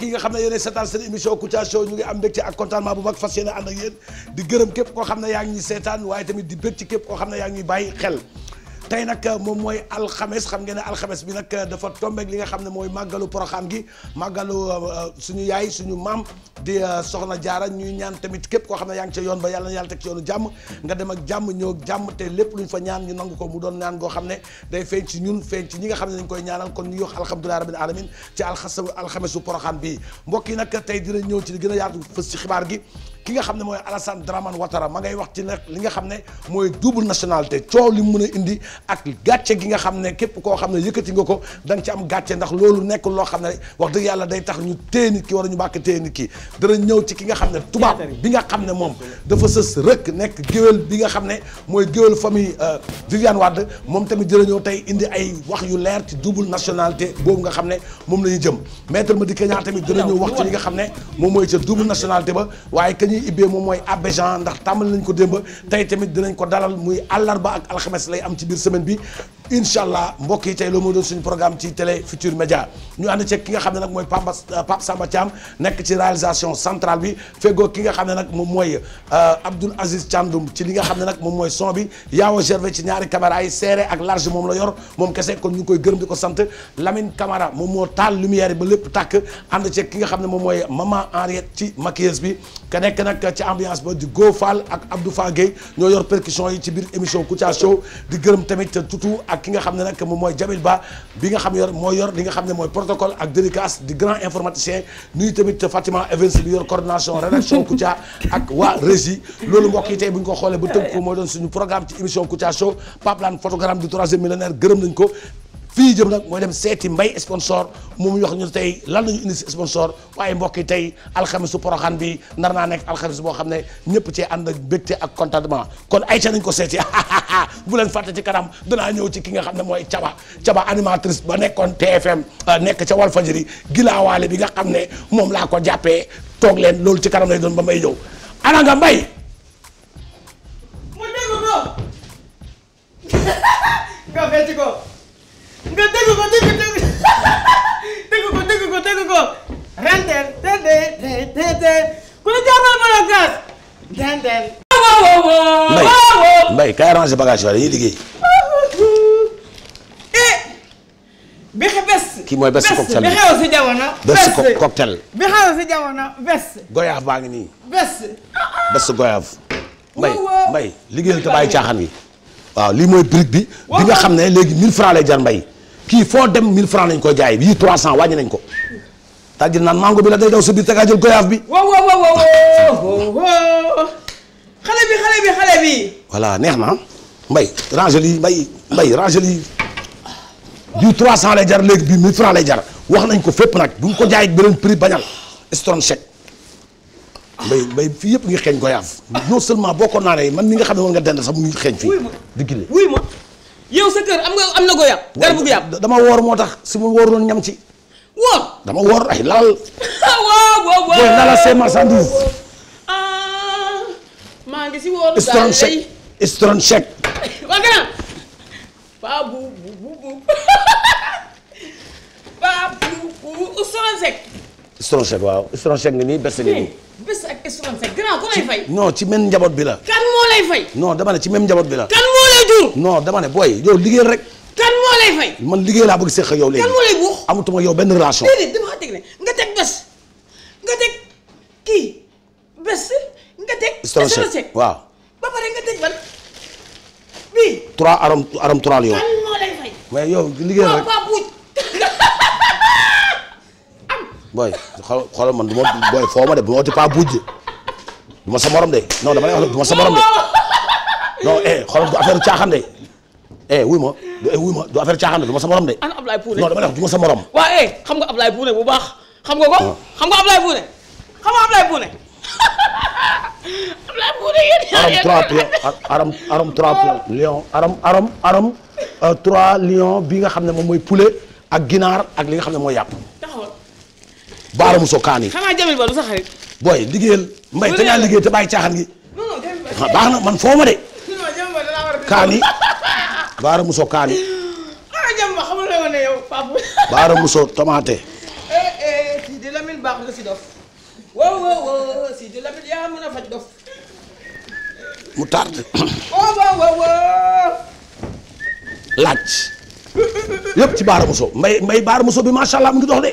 mbokk yi nga xam ne yéenay seetaan seen émission Kouthia Show ñu ngi am mbégte ak contentement bu mag fas yéene ànd ak di gërëm képp ko xam ne yaa ngi seetaan waaye tamit di bég ci képp koo xam ne yaa ngi ñuy xel tey nag euh, moom mooy alxames xam ngeen ne alxames bi nag euh, dafa tombeek li nga xam ne mooy màggalu poroxaan gi màggalu euh, suñu yaay suñu maam di soxna jaara ñuy ñaan tamit képp koo xam ne yaa ngi ca yoon ba yàlla na yàlla teg ci yoonu jàmm nga dem ak jàmm ñëw jàmm te lépp luñ fa ñaan ñu nangu ko mu doon ñaan goo xam ne day feeñ ci ñun feeñ ci ñi nga xam ne dañ koy ñaanal kon ñu yox alhamdulilahi rabbil alamin ci alxamesu poroxaan bi mbokk yi nag tey dina ñëw ci gën a yaatu fës gi ki nga xam ne mooy Alassane Dramane Ouattara ma ngay wax ci nag li nga xam ne mooy double nationalité coow li mu mën a indi ak gàcce gi nga xam ne képp koo xam ne yëkkati nga ko da ci am gàcce ndax loolu nekk loo xam ne wax dëgg yàlla day tax ñu téye nit ki wala ñu bàkk téye nit ki dana ñëw ci ki nga xam ne tubaab bi nga xam ne moom dafa sës rëkk nekk géwél bi nga xam ne mooy géwél famille Viviane Wade moom tamit dina ñëw tey indi ay wax yu leer ci double nationalité boobu nga xam ne moom la ñu jëm maître Madické Niang tamit dina ñëw wax ci li nga xam ne moom mooy ca double nationalité ba waaye ñuy ibbee moom mooy Abidjan ndax tàmbali nañ ko démb tey tamit dinañ ko dalal muy àllarba ak alxames lay am ci biir semaine bi incha allah mbokk yi tey loo moo doon suñu programme ci télé Futur Média ñu ànd ceeg ki nga xam ne nag mooy Pamba euh, Pape Samba Thiam nekk ci réalisation centrale bi feggoo ki nga xam ne nag moom mooy euh, Abdoul Aziz Thiandoum ci li nga xam ne nag moom mooy son bi yaawa gervé ci ñaari caméra yi serré ak large moom la yor moom kese kon ñu ngi koy gërëm di ko sant Lamine Camara moom moo taal lumière ba lépp tàkk ànd ceeg ki nga xam ne moom mooy maman Henriette ci maquilleuse bi ka nekk nag ci ambiance ba Go Fall ak Abdou Fa ñoo yor percussion yi ci biir émission Kouthia di gërëm tamit tutu ak ki nga xam ne nag moom mooy Jamil Ba bi nga xam yor mooy yor li nga xam ne mooy protocole ak dédicace du grand informaticien nuyu tamit Fatima Evans bi yor coordination rédaction Kouthia ak waa régie loolu mbokk yi tey bu ñu ko xoolee ba tënk ko mooy doon suñu programme ci émission Kouthia Show Pape photogramme du troisième millénaire gërëm nañ ko fii jëm nag mooy dem seeti mbay sponsor moom ñu wax ñu tey lan la ñu indi si sponsor waaye mbokk yi tey alxamisu poroxaan bi nar naa nekk alxamis boo xam ne ñëpp cee ànd ak bégte ak contentement kon ayca nañ ko seeti bu leen fàtte ci kanam danaa ñëw ci ki nga xam ne mooy caba caba animatrice ba nekkoon TFM euh, nekk ca Walfadjri gilaawaale bi nga xam ne moom laa ko jàppee toog leen loolu ci kanam lay doon ba may ñëw ana nga mbay mu dégg ko nga fecc ko nga dégg ko dégg dégg dégg ko dégg ko dégg ko renteel te te te te ku ne jàppal ma la gaz renteel mbay mbay kaay arrangé bagage dañuy liggéey eh, bi bes kii mooy bes cocktail bi xew si jamono bes cocktail bi xew si jamono bes goyaaf baa ngi nii bes bes goyaaf mbay mbay liggéeyal te bàyyi caaxaan yi waaw lii mooy brique bi. bi nga xam ne léegi 1000F lay jar mbay. kii foo dem 1000F lañ ko jaay yii 300 wàññi nañ ko. tàjjil naan mango bi la day daw sa biir te kaa jël goyaaf bi. waaw waaw waaw xale bi xale bi xale bi. voilà neex na mbay ranger lii mbay mbay ranger lii bii 300 lay jar léegi bi 1000F lay jar wax nañ ko fépp nag bu ñu ko jaayee beneen prix bañal storm chèque. mbay mbay fii yëpp ngi xeeñ goyaaf non seulement boo ko naanee man ni nga xam ne woon nga dend sax mu ngi xeeñ fii digg li wuy sa kër am nga am na goyaaf garabu goyaaf dama woor moo tax si mu woor noonu ñam ci woor dama woor ay laal waaw ah, maa ngi si woor strong chèque Stronchek waaw Stronchek nga nii bés nga nii. bés ak Stronchek grand ku fay. non ci même njaboot bi la. kan moo fay. non dama ne ci même njaboot bi la. kan moo dama ne booy yow liggéey rek. kan moo fay. man liggéey laa bëgg seq yow léegi. kan moo lay yow benn relation. déedéet dama teg ne nga teg bés nga teg kii bés nga teg. Stronchek waaw. ba pare nga teg ban bii. trois aram yow. kan moo lay fay. waaye yow liggéey booy xoolal man du ma booy foo ma de bu ma oti du ma sa morom de non dama lay wax du ma sa morom de non eh xoolal du affaire caaxaan de eh wuy eh, du affaire caaxaan de du ma sa de. ana Ablaye Pouné du ma sa morom. waaw eh xam nga Ablaye Pouné bu baax. xam nga ko ah. xam nga Ablaye Pouné xam nga Ablaye Pouné. nga xam ne moom mooy poulet ak ginaar ak li nga xam ne mooy yàpp. baaramu so kaan yi. xanaa Jamil Ba du sa xarit. booy liggéeyal mbay te ngaa liggéey te bàyyi gi. baax na man foo de. kaan yi baaramu so kaan yi. tomate. Eh, eh, si di Lamine baax nga si dof. mu tardé. Oh, laaj. yëpp ci baaramu so mbay mbay baaramu bi macha allah mu ngi dox de.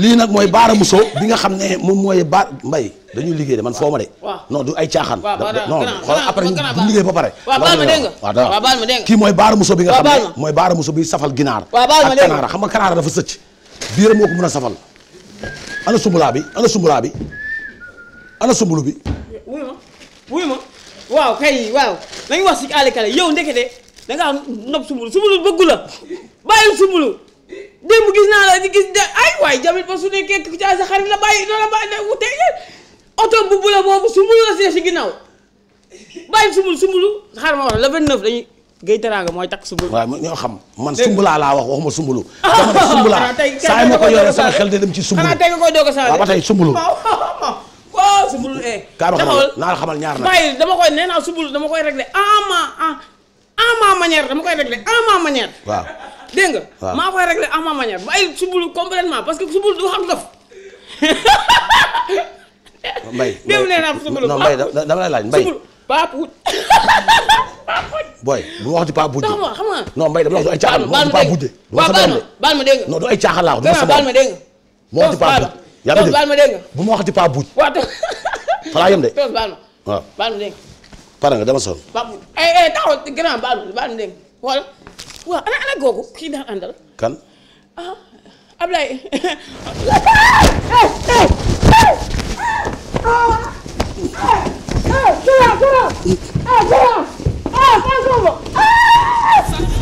lii nag mooy baara muso bi nga xam ne moom mooy baar mbay dañuy liggéey de man foo ma de. non ay caaxaan. non xool après bu liggéey ba pare. waaw baal ma dégg nga kii mooy baara muso bi nga xam ne mooy baara muso bi safal ginaar. waaw baal ma dégg nga ak kanaara xam nga kanaara dafa sëcc. biiram moo ko mën a safal. ana sumbulaa bi ana sumbulaa bi ana sumbulu bi. wuy ma wuy ma waaw kay waaw nañu wax si àll kale yow ndekete da ngaa nopp sumbulu sumbulu bëggu la sumbulu démb gis naa la gis de ay waay jamit ba su nekkee ku ca sa xarit la bàyyi doo la bàyyi wute oto bu bu la boobu sumulu la si si ginnaaw bàyyi sumul sumulu xaaral ma wax la le 29 dañuy Gueye Teranga mooy takk sumbulu. waaw ñoo xam man sumbulaa laa wax waxuma sumbulu. Ah, dama ne sumbulaa saa yi ma ko yore sama nga koy doog a saa waaw ba tey sumbulu. waaw sumbulu eh. dama naa la xamal ñaar na bàyyi dama koy nee sumbulu dama koy réglé en ma en ma manière dama koy réglé en ma manière. waaw. dégg nga. maa koy réglé à ma manière bàyyi subul complètement parce que subul du xam dof. mbay démb nee laaj mbay. subul paap booy bu wax di paap budde. xam nga xam ma dégg waaw baal ma ma dégg nga. non du ay wax du ma sama baal ma dégg nga. wax eh, eh, di ma dégg waaw ana ana googu kii daan àndal. kan. ah Ablaye. ah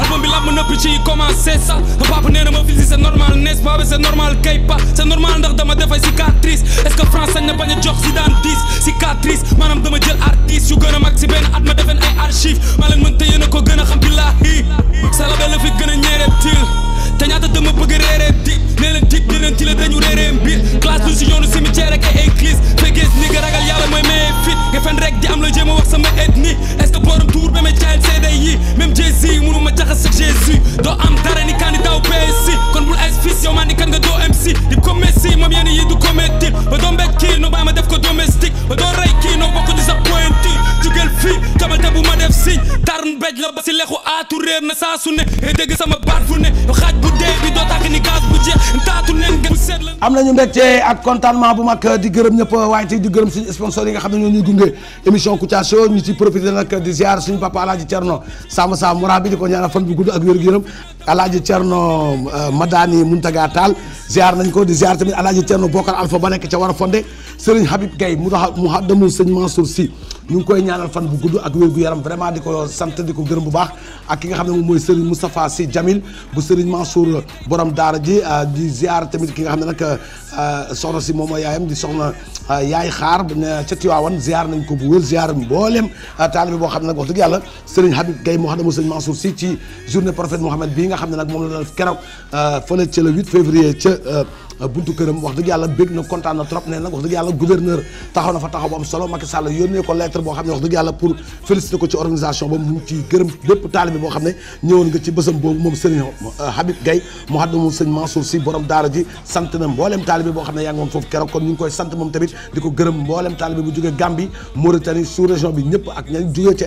album bi làmb nëpp ci commencé sax papa nee na ma fii si c'est normal n'est-ce pas c'est dama defay cicatrice est-ce que France sañ na bañ a si daan diis cicatrice maanaam dama jël artiste yu gën si benn ma defeen ay archive maa leen mën te ko gën a xam billaahi salabe fi gën a ñeereel til te ñaata dama bëgg réeréem dig nee leen dig dinañ ci la dañu réeréem biir classe lu si yoonu cimetière ak ay église fekkee ni nga ragal mooy maye fit nga fen rek di am la jéem a wax sama ethnie est-ce que booram tuur ba ma caayal seede yi même Jésus mënu ma jaxas ak doo am dara ni candidat wu PSI kon bul as fis yow maa kan nga doo MC di ko Messi moom yéen yi du commettre ba doo mbéj kii no bàyyi ma def ko domestique ba doo rey kii no bokk sa pointi jugal fii tamate bu xaj la ba si lexu aatu réer na saa su ne eh, dégg sama baat fu ne xaj bu dee bi doo tàkk ni gaz bu jeex taatu nen bu seet la am nañu mbégte ak contentement bu mag di gërëm ñëpp waaye tey di gërëm suñu sponsor yi nga xam ne ñoo ñuy gunge émission Kouthia Show ñu ci profité nag di ziar suñu papa Alaaji Cerno Samba Sam Moura bi di ko ñaanal fan bu gudd ak wér-gu-yaram alaaji Cerno euh, Madani Muntaga Taal ziar nañ ko di ziar tamit alaaji Cerno Bokar Alpha ba nekk ca war a fonde Serigne Habib Gaye mu tax mu demul sëñ Mansour si ñu ngi koy ñaanal fan bu gudd ak wér gu yaram vraiment di ko sant di ko gërëm bu baax ak ki nga xam ne moom mooy Serigne Moustapha Sy Jamil bu Serigne Mansour borom daara ji euh, di ziar tamit ki nga xam ne nag Ah, soxna si moom yaayam di soxna ah, yaay xaar ca Tiwaawan ziar nañ ko bu wér ziar mbooleem ah, taalibe boo xam ne nag wax dëgg yàlla Serigne Habib Gaye moo xadamu Serigne Mansour si ci journée prophète Mohammed bii nga xam ne nag moom la doon keroog fële ca le 8 ca Euh, buntu këram wax dëgg yàlla bég na kontaan na trop ne nag wax dëgg yàlla gouverneur taxaw na fa taxaw bu am solo Macky Sall yónnee ko lettre boo xam ne wax dëgg yàlla pour féliciter ko ci organisation ne ñëwoon nga ci bésam boobu moom Serigne euh, si borom daara ji sant na mbooleem taalibe boo xam ne yaa ngi woon ko gërëm mbooleem taalibe bu jógee Gambie Mauritanie sous région bi ñëpp ak ña jógee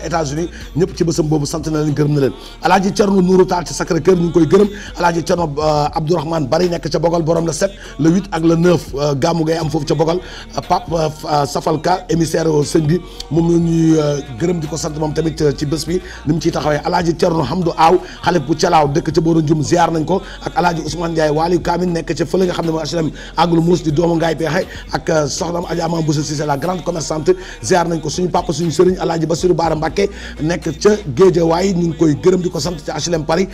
ci bésam boobu sant na leen gërëm na leen alaaji Cerno Nuuru Taal ci Sacré ñu ngi koy gërëm alaaji Cerno euh, Abdourahmane Bari nekk ca Bogol borom la set le 8 ak le 9 euh, gàmmu ngay am foofu ca bogal euh, Pape euh, Safalka émissaire sëñ bi moom la gërëm di ko sant moom tamit ci bés bi ni mu taxawee alaaji Cerno Hamdu Aaw xale bu calaaw dëkk ca Booru Njum ziar nañ ko ak alaaji Ousmane Ndiaye Waaliyu Kaamin nekk ca fële nga xam ne mooy HLM Aglu Mous di doomu Ngaay Peexe ak soxnaam Adja Ama Bousso Cissé la grande commerçante ziar nañ ko suñu papa suñu sëriñ alaaji Basiru Baara Mbàkke nekk ci HLM Paris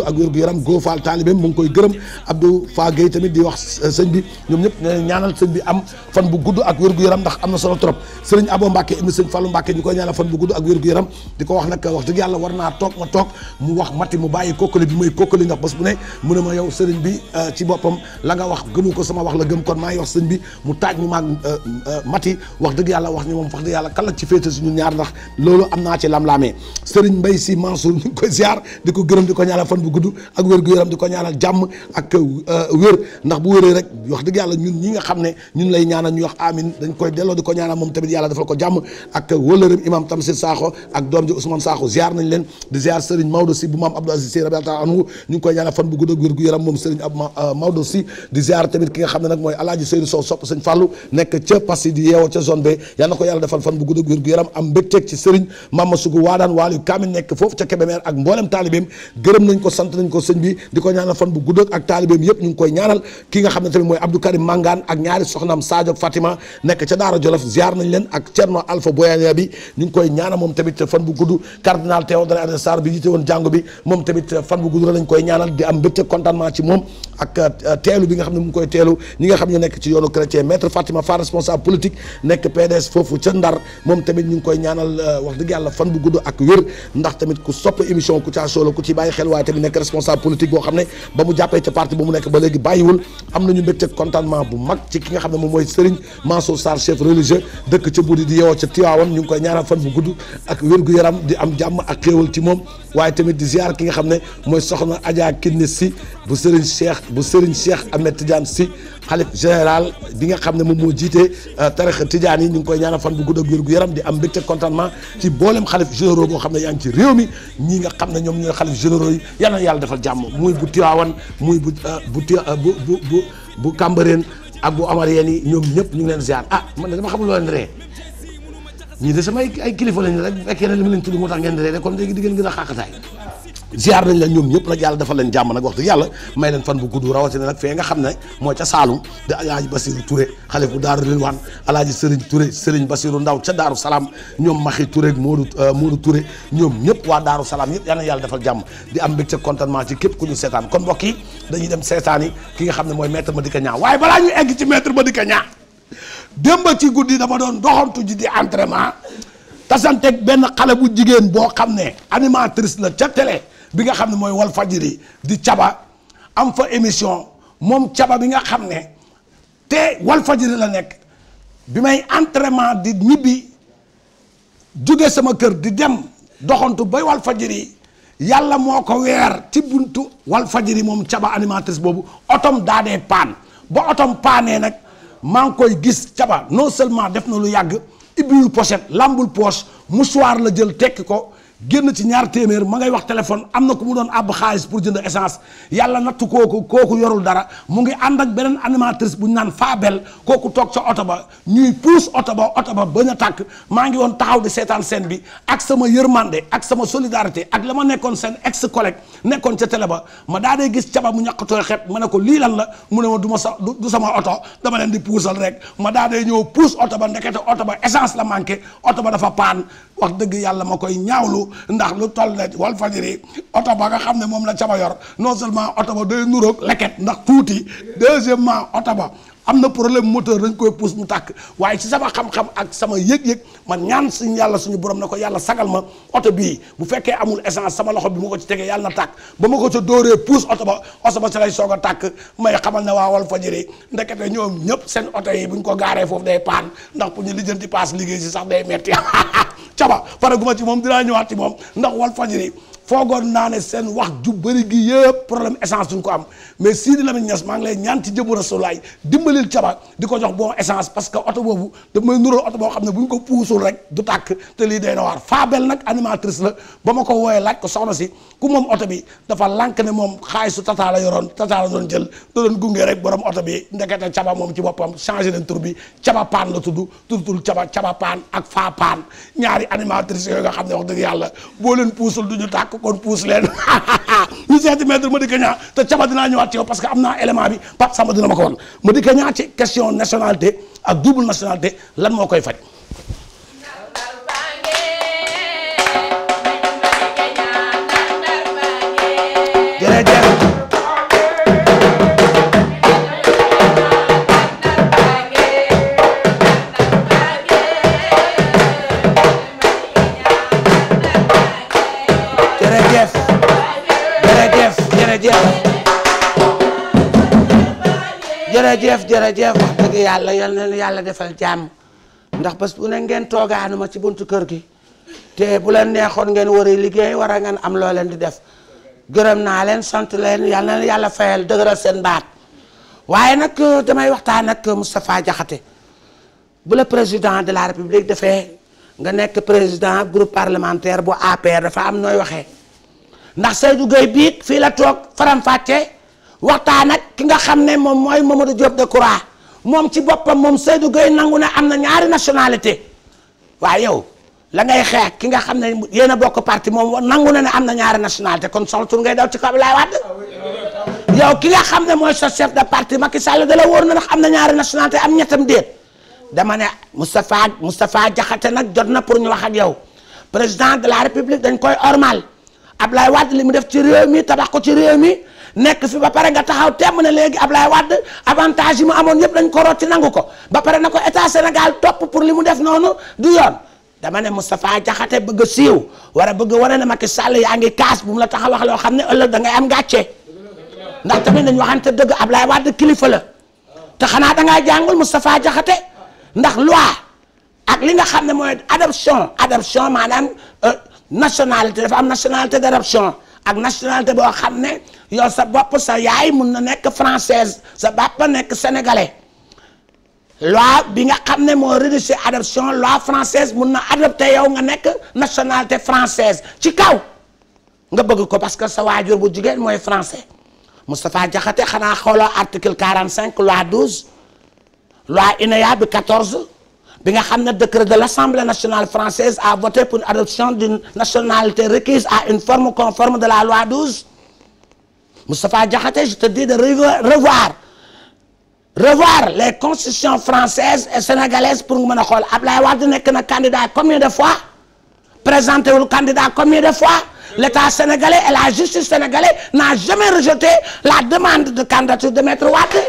gudd ak wér gu yaram Go Fall taalibeem mu ngi koy gërëm Abdou Fa Gueye tamit di wax euh, sëñ bi ñoom ñëpp ñaanal sëñ bi am fan bu gudd ak wér gu yaram ndax am na solo trop sëriñ Abo Mbacke imi sëñ Fallou Mbacke ñu koy ñaanal fan bu gudd ak wér gu yaram di ko wax nag ma toog mu wax mati mu bi may kokkali ndax bés bu ne mu ne ma euh, la nga wax gëmu ko sama wax la gëm kon maa ngi wax sëñ mu taaj mu maag euh, mati wax dëgg yàlla wax ni moom wax dëgg yàlla kala ci féete suñu ñaar ndax loolu am naa ci lam-laamee sëriñ Mbay Si Mansour ñu koy ziar di ko gërëm di ko ñaanal fan fan bu gudd ak wér gu yaram di ko ñaanal jàmm ak euh, wér ndax bu wéree rek wax di ko yàlla defal ñu euh, ko yàlla defal fan bu gudd ak wér gu yaram am mbégteeg ci Serigne Mama Sougou waa daan waaliyu kaamil nekk foofu ca Kébémer ak mboolem taalibeem gërëm nañ ko sant nañ ko sëñ bi di ko ñaanal fan bu gudd ak taalibeem yëpp ñu ngi koy ñaanal ki nga xam ne tamit mooy Abdou Karim Mangane ak ñaari soxnaam Sadio Fatima nekk ca Daara Jolof ziar nañ leen ak Thierno Alpha Boyania bi ñu ngi koy ñaanal moom tamit fan bu gudd cardinal Théodore Adrien Sarr bi jiite bi moom tamit fan bu gudd lañ koy ñaanal di am mbégte contentement ci moom ak euh, teelu bi nga xam ne mu ngi koy teelu ñi nga xam ne nekk ci yoonu chrétien maître Fatima fa responsable politique nekk PDS foofu ca Ndar moom ngi koy ñaanal euh, wax dëgg yàlla fan bu gudd ak ndax tamit ku sopp émission Kouthia Show la ku ci bàyyi bi nekk responsable politique boo xam ne ba mu jàppee ca parti ba mu nekk ba léegi bàyyiwul am nañu mbégte contentement bu mag ci ki nga xam ne moom mooy Serigne Mansour Sarr chef religieux dëkk ca Budi di yeewoo ca Tiwaawan ñu ngi koy ñaanal fan bu gudd ak wér-gu-yaram di am jàmm ak xéewal ci moom waaye tamit di ziar ki nga xam ne mooy soxna Adja Kinne si bu Serigne Cheikh bu Serigne Cheikh Ahmed Tidiane si xalif général bi nga xam ne moom moo jiite euh, tarixa tijaan yi ñu ngi koy ñaanal fan bu gudd ak wér yaram di am mbégte contentement ci boolem xalif généraux boo xam ne yaa ngi ci réew mi ñi nga xam ne ñoom ñooy xalif généraux yi yal na yàlla defal jàmm muy bu Tiwaawan muy bu euh, euh, bu bu bu bu Cambérène ak bu Amareen yi ñoom ñëpp ñu ngi leen ziar ah man dama xamul loo leen ree ñii de sama ay kilifa lañ rek fekkee ne li ma leen tudd moo tax ngeen ree de comme léegi diggéen gën a xàqataay ziar nañ la ñoom ñëpp nag yàlla dafa leen jàmm nag waxtu yàlla may leen fan bu gudd rawatina nag fee nga xam ne mooy ca Saalum de alaaji Basiru Touré xalifu daaru Rilwaan alaaji Serigne Touré Serigne Basiru Ndaw ca daaru salaam ñoom Maxi Touré ak Moodu euh, Moodu Touré ñoom ñëpp waa daaru salaam yëpp yal yàlla defal jàmm di am mbégte contentement ci képp ku ñu seetaan kon mbokk yi dañuy dem seetaan yi ki nga xam ne mooy maître Madické Niang waaye balaa ñu egg ci maître Madické Niang démb ci guddi dama doon doxantu ji di entraînement tasanteeg benn xale bu jigéen boo xam ne animatrice la ca télé bi nga xam ne mooy wal fajiri di caba am fa émission moom caba bi nga xam ne te wal la nekk bi may entraînement di ñibbi jóge sama kër di dem doxantu bay wal yàlla moo ko weer ci buntu wal fajiri moom caba animatrice boobu otom daa dee paan ba otom paanee nag maa ngi koy gis caba non seulement def na lu yàgg ibbiwul pochette lambul poche mouchoir la jël tekki ko génn ci ñaar téeméer ma ngay wax téléphone am na ku mu doon àbb xaalis pour jënd essence yàlla nattu kooku kooku yorul dara mu ngi ànd ak beneen animatrice bu ñu naan Fabel kooku toog ca oto ba ñuy puus oto ba oto ba bañ a tàkk maa ngi woon taxaw di seetaan scène bi ak sama yërmande ak sama solidarité ak la ma nekkoon seen ex collègue nekkoon ca télé ma daa dee gis caba mu ñaqatoo xet ma ne ko lii la mu ne ma du ma sa oto dama leen di rek ma daa ñëw puus oto ba ndekete oto ba essence la manqué oto ba dafa paan wax dëgg yàlla ma koy ñaawlu ndax lu toll la wal fajiri oto ba nga xam ne moom la caba yor non seulement oto ba day nuroog leket ndax tuuti deuxièmement oto ba am na problème moteur dañ koy pousse mu tàkk waaye ci sama xam-xam ak sama yëg-yëg man ñaan suñ yàlla suñu borom ne ko yàlla sagal ma oto bii bu fekkee amul essence sama loxo bi mu ko ci tegee yàlla na tàkk ba ma ko ca dóoree pousse oto ba oto ba si lay soog a tàkk may xamal ne waa Walfadjri ndekete ñoom ñëpp seen oto yi buñ ñu ko gaaree foofu day paan ndax pour ñu lijjanti paas liggéey si sax day metti caba pare gu ma ci moom dinaa ñëwaat ci moom ndax Walfadjri foogoon naa ne seen wax ju bëri gi yëpp problème essence duñ ko am mais Sidi Lamine Niass maa ngi lay ñaan ci jëbu rasulaay dimbalil caba di ko jox boo essence parce que oto boobu da may nural oto xam ne bu ko puusul rek du tàkk te lii day na waar faabel la ba ko wooyee laaj si ku moom oto bi dafa lànk ne moom xaalisu tata la yoroon tata la doon jël da doon gunge rek borom oto bi ndekete caba moom ci boppam changé nañ tur bi caba paan la tudd tuddul caba caba paan ak faa paan ñaari animatrice yooyu nga xam ne wax dëgg yàlla boo leen puusul duñu tàkk kon puus leen ñu seeti maître Madické Niang te caba dinaa ñëwaat ci yow parce que am naa élément bi Pape Samba dina ma ko wan Madické Niang ci question nationalité ak double nationalité lan moo koy faj jërëjëf jërëjëf wax dëgg yàlla yal na yàlla defal jàmm ndax parce que bu ne ngeen toogaanu ma ci buntu kër gi te bu leen neexoon ngeen war a liggéey war a ngeen am loo leen di def gërëm naa leen sant leen yal na yàlla fayal dëgëral seen baat waaye nag euh, damay waxtaan ak euh, Moustapha Diakhaté bu la président de la république dafee nga nekk président groupe parlementaire bu APR dafa am nooy waxee ndax Seydou Gueye biig fii la toog faram fàccee. waxtaan ak ki nga xam ne moom mooy Mamadou Diop Decroix moom ci boppam moom Seydou Gueye nangu ne am na ñaari nationalité waa yow la ngay xeex ki nga xam ne yéen a bokk parti moom nangu na ne am na ñaari nationalité kon soxla tur ngay daw ci kaw Abdoulaye Wade yow ki nga xam ne mooy sa chef de parti Macky Sall da la wóor na ndax am na ñaari nationalité am ñettam déet dama ne Moustapha Moustapha Diakhaté nag jot na pour ñu wax ak yow président de la république dañ koy ormal Abdoulaye Wade li mu def ci réew ko ci nekk fi ba pare nga taxaw temm ne léegi Ablaye Wade avantage yi mu amoon yëpp dañ ko root ci nangu ko ba pare na ko état Sénégal topp pour li mu def noonu du yoon dama ne Moustapha Diakhaté bëgg a siiw war a bëgg wane ne Macky Sall yaa ngi kaas bu mu la tax a wax loo xam ne ëllëg da ngay am gàcce ndax tamit nañ waxante dëgg Ablaye Wade kilifa la te xanaa da ngaa jàngul Moustapha Diakhaté ndax loi ak li nga xam ne mooy adoption adoption maanaam euh, nationalité dafa am nationalité d'adoption ak nationalité boo xam ne yow sa bopp sa yaay mun na nekk francaise sa bàppa nekk sénégalais loi bi nga xam ne moo rédigé adoption loi francaise mun na adopté yow nga nekk nationalité française ci kaw nga bëgg ko parce que sa waajur bu jigéen mooy français Moustapha Diakhaté xanaa xooloo article 45 loi 12 loi INEA bi 14 bi nga xam ne décret de l'Assemblée nationale française a voté pour l'adoption d'une nationalité requise à une forme conforme de la loi 12 Moustapha Diakhaté je te dis de revoir les constitutions françaises et sénégalaises pour nga mën a xool Ablaye Wade nekk na candidat combien de fois présenté wul candidat combien de fois l'État sénégalais et la justice sénégalaise n'a jamais rejeté la demande de candidature de Maître Wade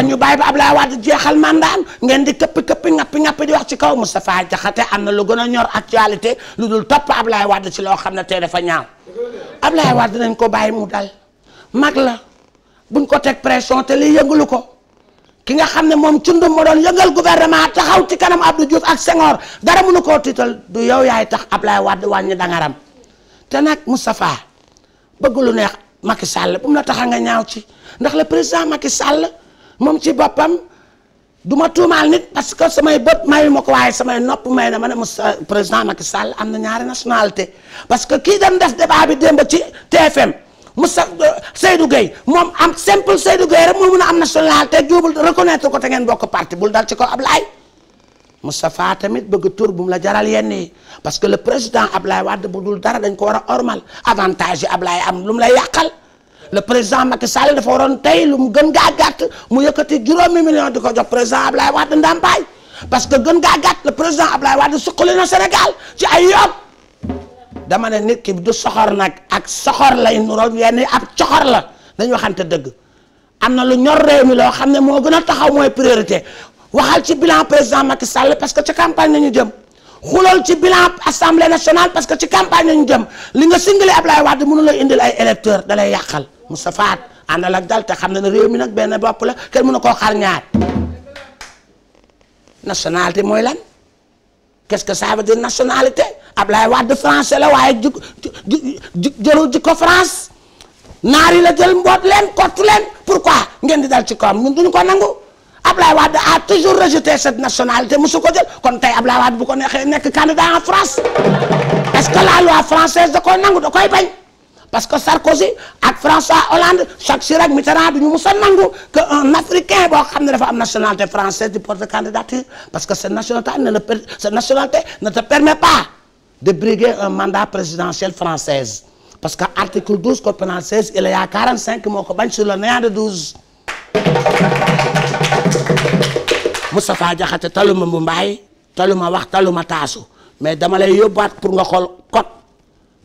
xanaa ñu bàyyi ab Abdoulaye Wade jeexal mandaam ngeen di këppi këppi ngappi ngappi di wax ci kaw Moustapha Diakhaté am na lu gën a ñor actualité lu dul topp Abdoulaye Wade ci loo xam ne tey dafa ñaaw Abdoulaye Wade nañ ko bàyyi mu dal mag la buñ ko te li yëngalu ko ki nga xam ne moom cundum moo doon yëngal gouvernement taxaw ci kanam Abdou Diouf ak Senghor dara mënu koo tiital du yow yaay tax Abdoulaye Wade wàññi dangaram te nag Moustapha bëgg lu neex Macky Sall bu mu la taxa nga ñaaw ci ndax le président Macky Sall moom ci boppam du ma tuumaal nit parce que samay bët mayu ma ko waaye samay nopp may na ma ne Moussa président Macky sal am na ñaari nationalité parce que kii dem def débat bi démb ci TFM Moussa euh, Seydou Gueye moom am simple Seydou Gueye rek moo mun a am nationalité juubul reconnaître ko te ngeen bokk parti bul dal ci ko Ablaye Moustapha tamit bëgg tur bu la jaral yenn parce que le président Ablaye Wade bu dul dara dañ ko war ormal avantage yi am lu mu lay yàqal le président Macky Sall dafa waroon tey lu mu gën gaa gàtt mu yëkkati juróomi million di ko jox président Ablaye Wade ndàmpaay parce que gën gaa gàtt le président Ablaye Wade suqali na Sénégal ci ay yoon dama ne nit ki du soxor nag ak soxor lay nuroon yenn ab coxor la dañu waxante dëgg am na lu ñor réew la loo xam ne moo gën a taxaw mooy priorité waxal ci bilan président Macky Sall parce que ci campagne nañu jëm xulal ci bilan assemblée nationale parce que ci campagne nañu jëm li nga singale Ablaye Wade mënu la indil ay électeurs dalay yàqal Moustapha àndal ak dal te xam na ne réew mi nag benn bopp la kenn mën na koo xar ñaar nationalité mooy lan qu'est-ce que ça veut dire nationalité Ablaye Wade français la waaye ju ju jëlu ko France naar yi la jël mboot leen kottu leen pourquoi ngeen di dal ci kawam ñun duñu ko nangu Ablaye Wade a toujours rejeté cette nationalité mosu ko jël kon tey Ablaye Wade bu ko neexee nekk candidat en France est-ce que la loi française da koy nangu da koy bañ. parce que Sarkozy ak François Hollande Jacques Chirac Mitterrand du ñu mës nangu que un africain boo xam ne dafa am nationalité française di porte candidature parce que cette nationalité ne le cette nationalité ne te permet pas de briguer un mandat présidentiel française parce que article 12 code pénal 16 il y a 45 moo ko bañ sur le néant de 12 Moustapha Diakhaté taluma mu mbaay taluma wax taluma taasu mais dama lay yóbbuwaat pour nga xool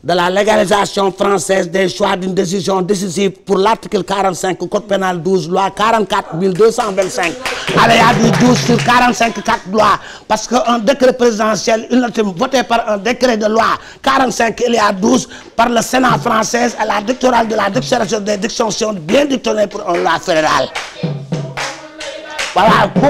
de la légalisation française des choix d'une décision décisive pour l'article 45 code pénal 12 loi 44 225 aléa du 12 sur 45 4 loi parce que un décret présidentiel unanime voté par un décret de loi 45 par le Sénat français à la doctorale des distinctions bien dictonnée pour une loi fédérale voilà ku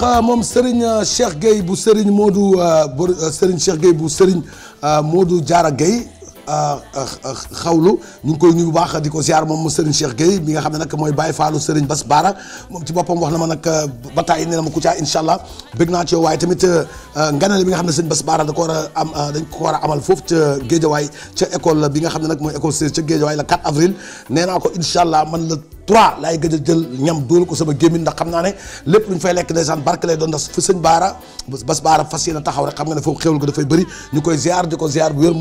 baax moom Serigne Cheikh Gueye bu Serigne Modou Serigne Cheikh Gueye bu Serigne Modou Diarra Gueye euh, euh, euh, xawlu ñu ngi koy nuyu bu baax di ko ziar moom Serigne Cheikh Gueye bi nga xam ne nag mooy Baye Fallou Serigne Bass Baara moom ci boppam wax na ma nag ba taay nee na ma Kouthia incha allah bëgg naa ci yow waaye tamit nganale nga xam ne Serigne Bass Baara da ko war a am dañ ko war a amal foofu ca Géejawaay ca école bi nga xam ne nag mooy école Serigne ca Géejawaay la 4 avril nee naa ko incha allah man la. trois laay gëj a jël ñam dóolu ko sama gémmiñ ndax xam naa ne lépp lu ñu fay lekk ndeysaan barke lay doon ndax fa sëñ baara bas baara fas yéene taxaw rek xam nga ne foofu xéwal ko dafay bëri ñu koy ziar di ko ziar bu wér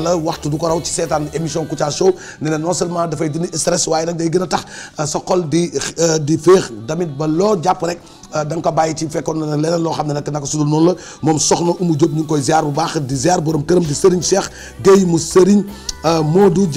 la waxtu du ko raw ci seetaan émission Kouthia Show ne non seulement dafay dindi stress waaye nag day gën a tax euh, sa xol di euh, di féex ba loo jàpp rek euh, da nga ko bàyyi ci fekkoon na ne leneen loo xam ne nag naka sudul noonu la moom soxna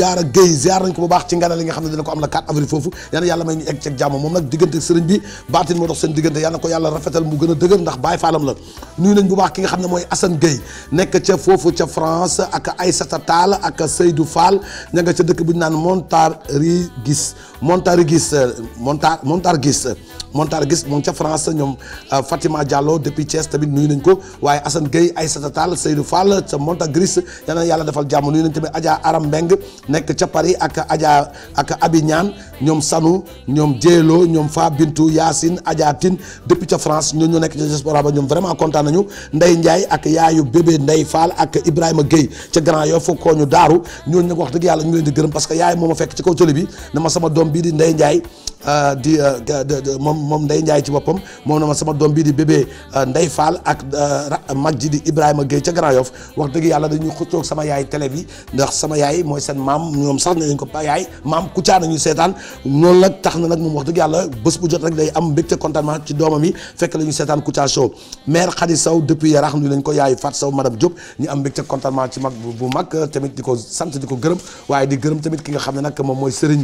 Diarra Guèye ziar nañ ko bu baax ci ngana li ne dina ko am la 4 avril foofu yal na yàlla may ñu egg ceeg jàmm moom nag diggante sëriñ bi baatin moo dox seen diggante na ko yàlla rafetal mu gën a ndax Baay Faalam la nuyu nañ bu baax ki nga xam ne mooy Assane Guèye nekk ca foofu ca France ak Aïssata Tall ak Seydou Fall ña ca dëkk bu ñu naan Montargis Montargis euh, Montar Montargis euh, Montargis moom ca France ñoom euh, Fatima Diallo depuis Thiès tamit nuyu nañ ko waaye Assane Gueye Aïssata Tall Seydou Fall ca Montargis yal na yàlla defal jàmm nuyu nañ tamit Adja Aram Mbeng nekk ca Paris ak Adja ak Abi Ñaan ñoom Sanu ñoom Dielo ñoom Fa Bintu Yacine Adja Tine depuis ca France ñoo ñu nekk ca diaspora ba ñoom vraiment kontaan nañu Ndey Ndiaye ak yaayu bébé Ndey Fall ak Ibrahima Gueye ca Grand Yoff koo ñu daaru ñooñu nag wax dëgg yàlla ñu leen di gërëm parce que yaay moo ma fekk ci bii di Ndeye Euh, di euh, moom moom Ndeye Ndiaye ci boppam moom na ma sama doom bii di bébé euh, ndey faal ak mag ji di Ibrahima Gueye ca Grand Yoff wax dëgg yàlla dañuy xëccoog sama yaay télé bi ndax sama yaay mooy seen maam ñoom sax ne nañ ko yaay maam Kouthia nañu seetaan noonu nag tax na nag moom wax dëgg yàlla bés bu jot rek day am mbégte contentement ci doomam yi fekk la ñu seetaan Kouthia Show maire Khady Sow depuis Yarax ñu lañ ko yaay Fat Sow madame Diop ñu am mbégte contentement ci mag bu mag tamit di ko sant di ko gërëm waaye di gërëm tamit ki nga xam ne nag moom mooy Serigne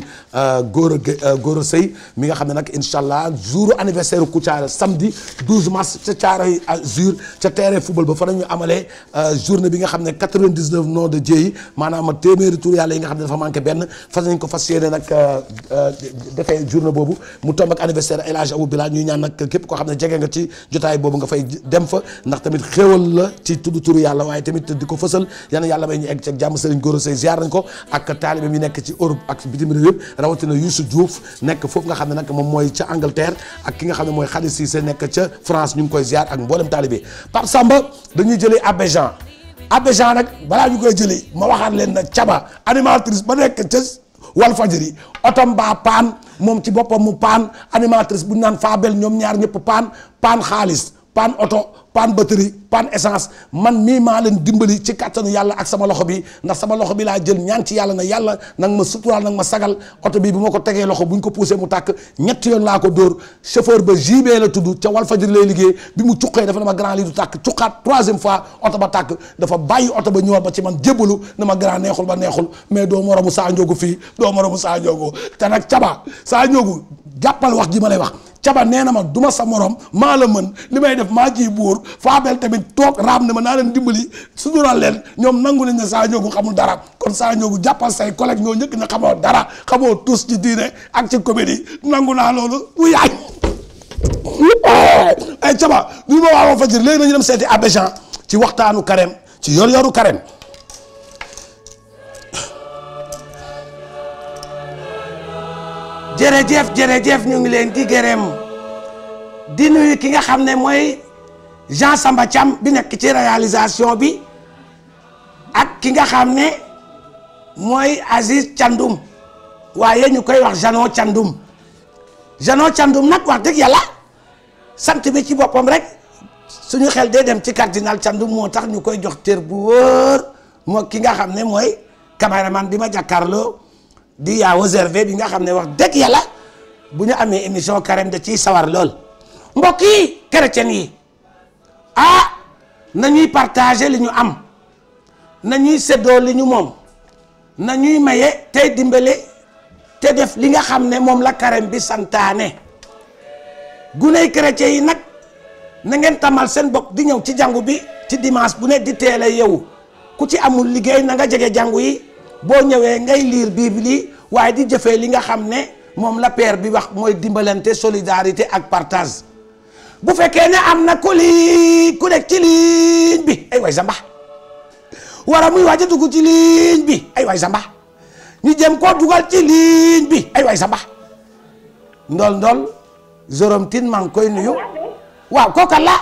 Gora Gora Seye Gueye mi xam ne incha allah jour anniversaire Kouthia samedi 12 mars ca Thiaroye Azur ca terrain football ba fa nañu amalee euh, journée bi nga xam ne 99 noms de Dieu yi maanaam téeméeri tur yàlla yi nga xam ne dafa manqué benn fas nañ ko fas yéene nag euh, euh, defee journée boobu mu tomb ak anniversaire El Hadj Abou ñuy ñaan nag képp koo xam ne jege nga ci jotaay boobu nga fay dem fa ndax tamit xéewal la ci tudd turu yàlla waaye tamit di ko fësal yana yàlla may ñu egg ci jàmm Serigne Goro Seye ziar nañ ko ak taalibe yi nekk ci Europe ak bitim réew yëpp rawatina Youssou Diouf nekk foofu foofu nga xam ne nag moom mooy ca Angleterre ak ki nga xam ne mooy Khalis Cissé nekk ca France ñu ngi koy ziar ak mboolem taalibe Pape Samba dañuy jëlee Abidjan Abidjan nag balaa ñu koy jële ma waxaat leen na caba animatrice ba nekk ca Walfadjri otom baa paan moom ci boppam mu paan animatrice bu ñu naan Fabel ñoom ñaar ñëpp paan paan xaalis paan oto panne batterie panne essence man mii maa leen dimbali ci kàttanu yàlla ak sama loxo bi ndax sama loxo bi laa jël ñaan yàlla na yàlla nang ma suturaal nag ma sagal oto bi bu ma ko tegee loxo bu ñu ko poussé mu tàkk ñetti yoon laa ko dóor chauffeur ba jibee la tudd ca Walfadjri lay liggéey bi mu cuqee dafa ne ma grand lii du tàkk cuqaat troisième fois oto ba tàkk dafa bàyyi oto ba ñëwaat ba ci man jébbalu na ma grand neexul ba neexul mais doo moromu saa njoogu fii doo moromu saa njoogu te nag caba saa jàppal wax ji ma lay wax caba nee na ma duma sa morom maa la mën li may def maa ciy buur faabel tamit toog raam ne ma naa leen dimbali sudural leen ñoom nangu nañ ne saa ñoogu xamul dara kon saa ñoogu jàppal say collègue ñoo njëkk ne xamoo dara xamoo tous ci diine ak ci comédie nangu naa loolu bu yaay ay eh, caba du ma waaw fajir léegi nañu dem seeti Abidjan ci waxtaanu Carême ci yor yoru Carême jërëjëf jërëjëf ñu ngi leen di gërëm di nuyu ki nga xam ne mooy Jean Samba Thiam bi nekk ci réalisation bi ak ki nga xam ne mooy Aziz Thiandoum waaye ñu koy wax Jano Thiandoum Jano Thiandoum nag wax dëgg yàlla sant bi ci boppam rek suñu xel day dem ci cardinal Thiandoum moo tax ñu koy jox tér bu wóor moo ki nga xam ne mooy caméraman bi ma jàkkaarloo di yaa réservé bi nga xam ne wax dëgg yàlla bu ñu amee émission carême da ciy sawar lool mbokk yi chrétien yi ah nañuy partager li ñu am nañuy séddoo li ñu moom nañuy maye tey dimbale te def li nga xam ne moom la carême bi santaane guney chrétien yi nag na ngeen tamal seen bopp di ñëw ci jàngu bi ci dimanche bu ne di teel a yeewu ku ci amul liggéey na nga jege jàngu yi boo ñëwee ngay liir lire Bible waaye di jëfee li nga xam ne moom la père bi wax mooy dimbalante solidarité ak partage bu fekkee ne am na ku lii ku nekk ci ligne bi ay waay Samba war ci ligne bi ñu jëm koo dugal ci ligne bi ay waay Samba ndol ndol Jérôme Tine maa ngi koy nuyu waaw kooka la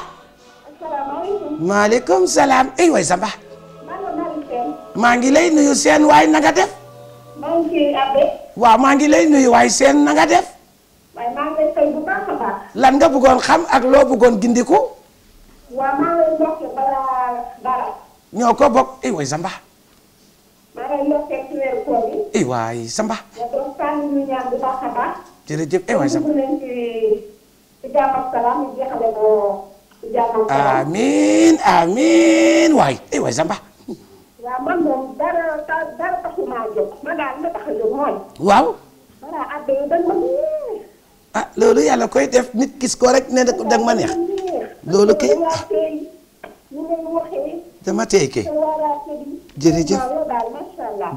maaleykum salaam ay waay Samba maa ngi lay nuyu seen waay na def. maa ngi lay nuyu waay seen nanga def. lan nga bëggoon xam ak loo bëggoon gindiku. waaw maa ngi ñoo ko bokk eh waay Samba. maa ngi lay amiin amiin waay eh waay Samba. waaw man a ah, loolu yàlla koy def nit gis ko rek ne ko da nga ma neex. loolu kay dama tey kay. jërëjëf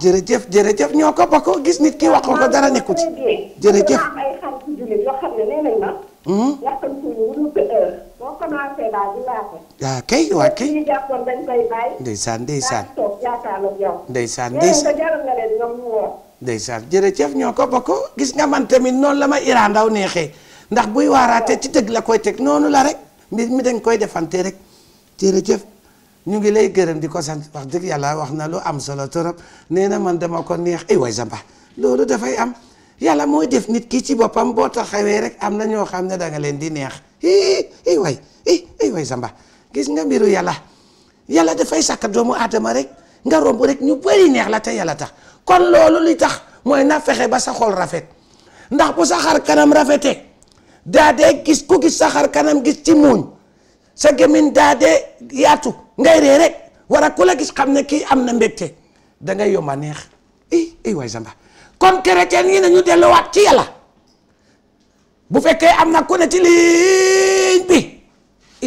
jërëjëf jërëjëf ñoo ko bokk gis nit ki wax ko dara nekku ci. jërëjëf. commencé kay waa kay ñu jàppoon dañ koy bàyyi. ndeysaan ndeysaan ndeysaan ndeysaan jërëjëf ñoo ko bokk gis nga man tamit noonu la ma iraandaw Ndaw neexee ndax buy waaraatee ci dëgg la koy teg noonu la rek mbir mi dañ koy defante rek jërëjëf ñu ngi lay gërëm di ko sant wax dëgg yàlla wax na lu am solo torop nee na man dama ko neex ay way samba loolu dafay am yàlla mooy def nit ki ci boppam boo tax taxawee rek am na ñoo xam ne danga leen di neex eh waay eh eh waay Samba gis nga mbiru yàlla yàlla dafay sàkk doomu aadama rek nga romb rek ñu bëri neex la te yàlla tax kon loolu li tax mooy na fexe ba sa xol rafet ndax bu sa xar kanam rafetee daa gis ku gis sa xar kanam gis ci muuñ sa gémmiñ daa dee yaatu ngay ree rek war ku la gis xam ne kii am na mbégte da ngay yomba neex i i waay Samba kon chrétien yi nañu delluwaat ci yàlla bu fekkee am na ku ne ci ligne bi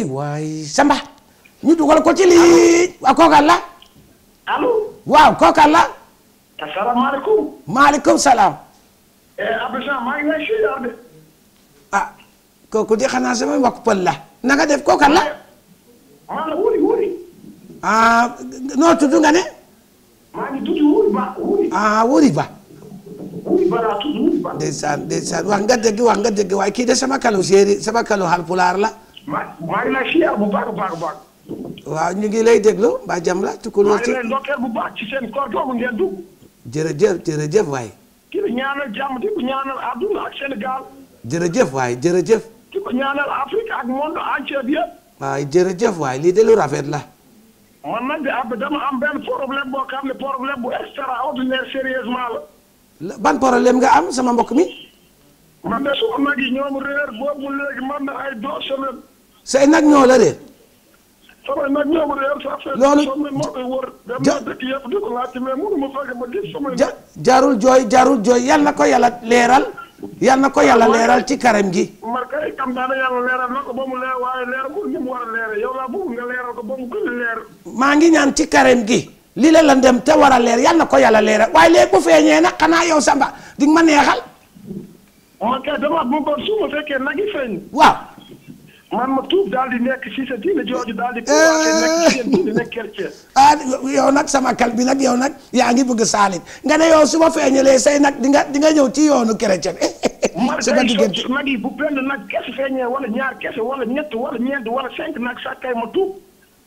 i eh, Samba ñu dugal ko ci ligne waaw kookaan la allo waaw kookaan la asalaamaaleykum salaam eh, Abdou maa ngi lay siyaar de ah kooku di xanaa pël la na nga def kookaan la maa wuri ah, nga ne maa wuri wuri ah wuri ba ndeysaan ndeysaan wax nga dëgg wax nga dëgg waaye kii de sama kalu séeri sama kalu halpulaar la. maa maa ngi bu baax a baax a ñu ngi lay déglu mbaa jàmm la tukkuloo ci. maa ngi lay ndokkeel bu baax ci seen koor googu ngeen dugg. jërëjëf jërëjëf waay. ki ko ñaanal jàmm di ko ñaanal àdduna ak Sénégal. ak monde entier bi yëpp. waay jërëjëf waay lii de lu rafet la. man nag de ab dama am benn problème boo xam ne problème bu extraordinaire sérieusement la. ban problème nga am sama mbokk mi. man de su ma gi ñoom réer boobu say nag ñoo la réer. ja ja jooy jaarul jooy yal na ko yàlla leeral. yal na ko yàlla leeral ci karam gi. man kay xam leer waaye leer ko maa ngi ñaan ci karam gi. li la la dem te war a leer yal na ko yàlla leeral waaye léegi bu feeñee nag xanaa yow Samba di ma neexal. ok oh, dama bëggoon su ma fekkee nag yi feeñ. daal di nekk ci sa diine jooju daal di. nekk ci ah, yow nag sama kal bi nag yow nag yaa ngi bëgg saalit nga ne yow su ma feeñalee say nag di nga di nga ñëw ci yoonu chrétien. su ma diggante nag yi bu benn nag feeñee wala ñaar kese wala ñett wala ñeent wala cinq nag sax kay ma tuub.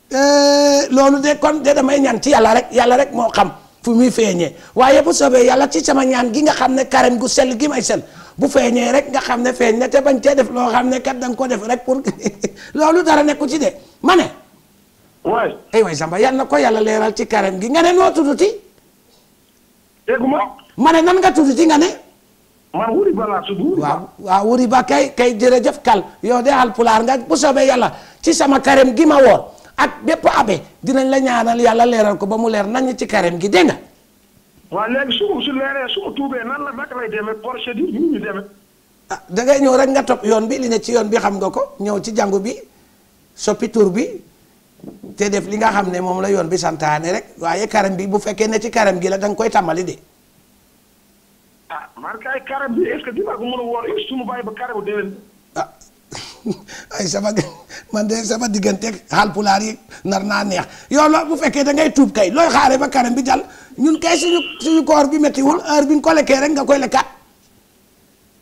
Eh, loolu de kon de damay ñaan ci yàlla rek yàlla rek moo xam fu muy feeñee waaye bu sobee yàlla ci sama ñaan gi nga xam ne karam gu sell gi may sell bu feeñee rek nga xam ne feeñ na te bañ cee def loo xam ne kat da nga ko def rek loolu dara nekku ci de ma ne. waay ay waay na ko yàlla leeral ci karam gi nga ne noo tudduti. ma ne nan nga tudduti nga ne. man wuri ba laa kal yow de alpulaar nga bu soobee yàlla ci sama karam gi ma woor. ak bépp abe dinañ la ñaanal yàlla leeral ko ba mu leer nañ ci karem gi dégg nga. waaw léegi su su leeree su tuubee nan la naka lay demee projet bi ñu ñu demee. ah da ñëw rek nga topp yoon bi li ne ci yoon bi xam nga ko ñëw ci jàngu bi soppi tur bi te def li nga xam ne moom la yoon bi santaane rek waaye karem bi bu fekkee ne ci karam gi la da koy tàmbali de. ah man ay sama man de sama diggante xaal pulaar yi nar naa neex yow loolu bu fekkee da ngay tuub kay looy xaare ba kanam bi jàll ñun kay suñu suñu koor bi méttiwul heure bi ñu ko lekkee rek nga koy lekkaat.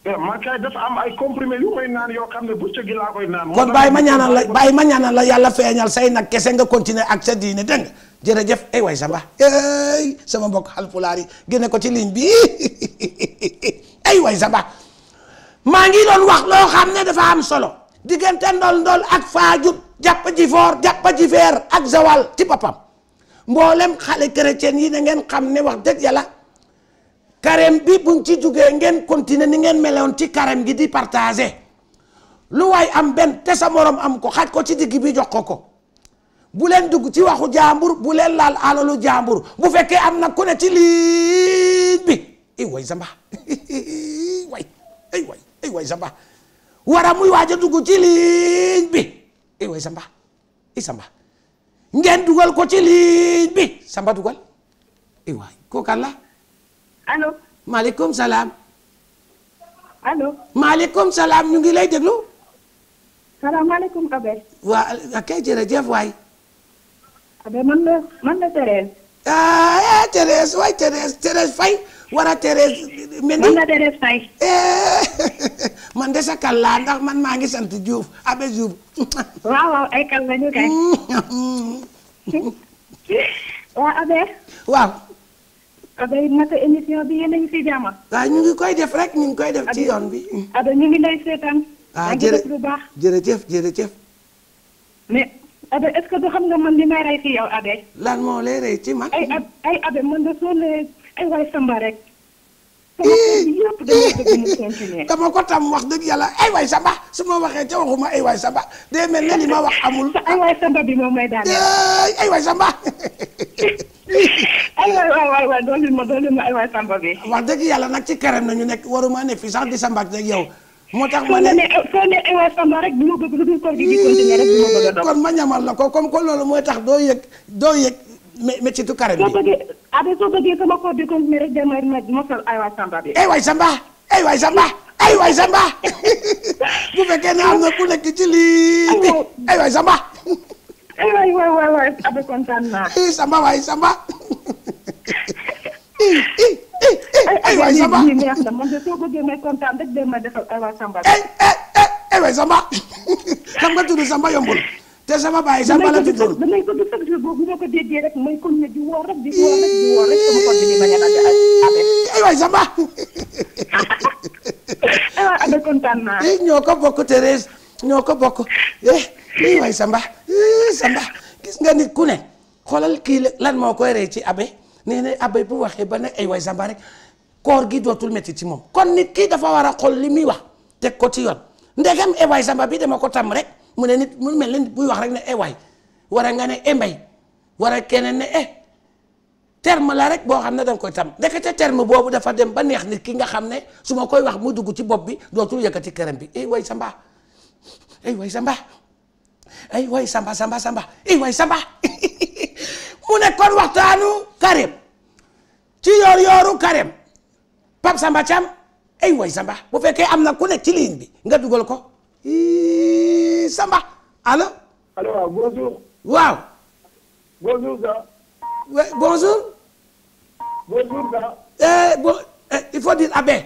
Eh, man dafa am ay comprimé yu koy yoo xam ne bu ci gi laa kon bàyyi ma ñaanal la bàyyi ma la yàlla feeñal say nag kese nga continuer ak sa diine dégg nga jërëjëf ay eh, waay samba ay eh, sama mbokk xalpulaar yi génne ko ci ligne bi ay waay samba maa ngi doon wax loo xam ne dafa am solo. diggante ndol ndol ak faajut jàpp ji foor jàpp ji feer ak zawal ci papam mboolem xale chrétien yi na ngeen xam ne wax dëgg yàlla carême bi buñ ci jugee ngeen continuer ni ngeen meloon ci carême gi di partager lu waay am benn te sa morom am ko xaj ko ci digg bi jox ko ko bu leen dugg ci waxu jàmbur bu leen laal alalu jàmbur bu fekkee am na ku ne ci liit bi i way samba ay way ay way ay wara muy waaj a dugg ci ligne bi i eh way samba i eh samba ngeen dugal ko ci ligne bi samba dugal i eh ko kan la allo salaam allo maaleykum salaam ñu ngi lay déglu salaamaaleykum Abe waa kay jërëjëf waay Abe man la man la Thérèse ah Thérèse waay Thérèse Thérèse Faye war a Thérèse. Mendy man eh, la Thérèse Faye. man de sa kal laa ndax man maa ngi sant Diouf Abe Diouf. waaw waaw ay kal la ñu kay. waa Abe. waaw. Abe naka émission bi yéen a ngi waaw ñu ngi koy def rek ñu ngi koy def ci yoon bi. Abe ñu ngi lay seetaan. ah jërëjëf bu baax jërëjëf jërëjëf. mais Abe est du xam nga man li may rey yow Abe. lan moo lay rey ci man. ay ay Abe man de soo ay waay Samba rek. Eh, eh, eh, dama tam wax dëgg yàlla ay waay Samba su ma waxee ca waxuma ay waay Samba day mel ne li ma wax amul. ay waay Samba Samba. ay waay waay waay doon ma doon ma ay waay Samba bi. wax dëgg yàlla nag ci këram nañu nekk waruma ne fii sax di Samba ak yow. moo tax ma ne soo ma bëgg a dox kon ma ñamal la ko comme que loolu mooy tax doo yëg doo yëg. métti tu kare bi. abe soo bëggee sama ko di continuer rek dem ma mosal aywaay samba bi. aywaay samba aywaay samba aywaay samba bu fekkee ne am na ku nekk ci lii aywaay samba. aywaay waay waay waay abe kontaan naa. samba waay samba. aywaay samba ay neex na man de soo bëggee may kontaan rek dem ma defal aywaay samba. aywaay samba xam nga tudd samba yombul. te sama baay sax bala tuddoon damay ko du chaque jour boobu ma ko déggee rek may ko ne di woo rek di woo rek di woo rek sama xol bi di bañ a dagg ay waay sama ay waay abe kontaan naa eh, ñoo ko bokk Thérèse ñoo ko bokk eh waay eh, Samba eh, Samba gis nga nit ku ne xoolal kii lan moo koy rey ci abe nee na abe bu waxee ba ne ay waay Samba rek koor gi dootul métti ci moom kon nit kii dafa war a xool li muy wax teg ko ci yoon ndegam ay waay Samba bi dama ko tàmm rek mu ne nit mu mel ne buy wax rek ne eh waay wara nga ne eh mbay war a keneen ne eh terme la rek boo xam ne danga ko tam ndekete terme boobu dafa dem ba neex nit ki nga xam ne suma ma koy wax mu dugg ci bopp bi dootul yëkkati këram bi eh way samba eh way samba eh, ay way samba samba samba eh way samba mu ne kon waxtaanu Karim ci yoor yooru Karim Pape Samba Thiam eh, ay way samba bu fekkee am na ku nekk ci ligne bi nga dugal ko. si Samba allo. allo waaw bonjour. waaw. bonjour bonjour. bonjour eh, bon eh, il faut dire abbé.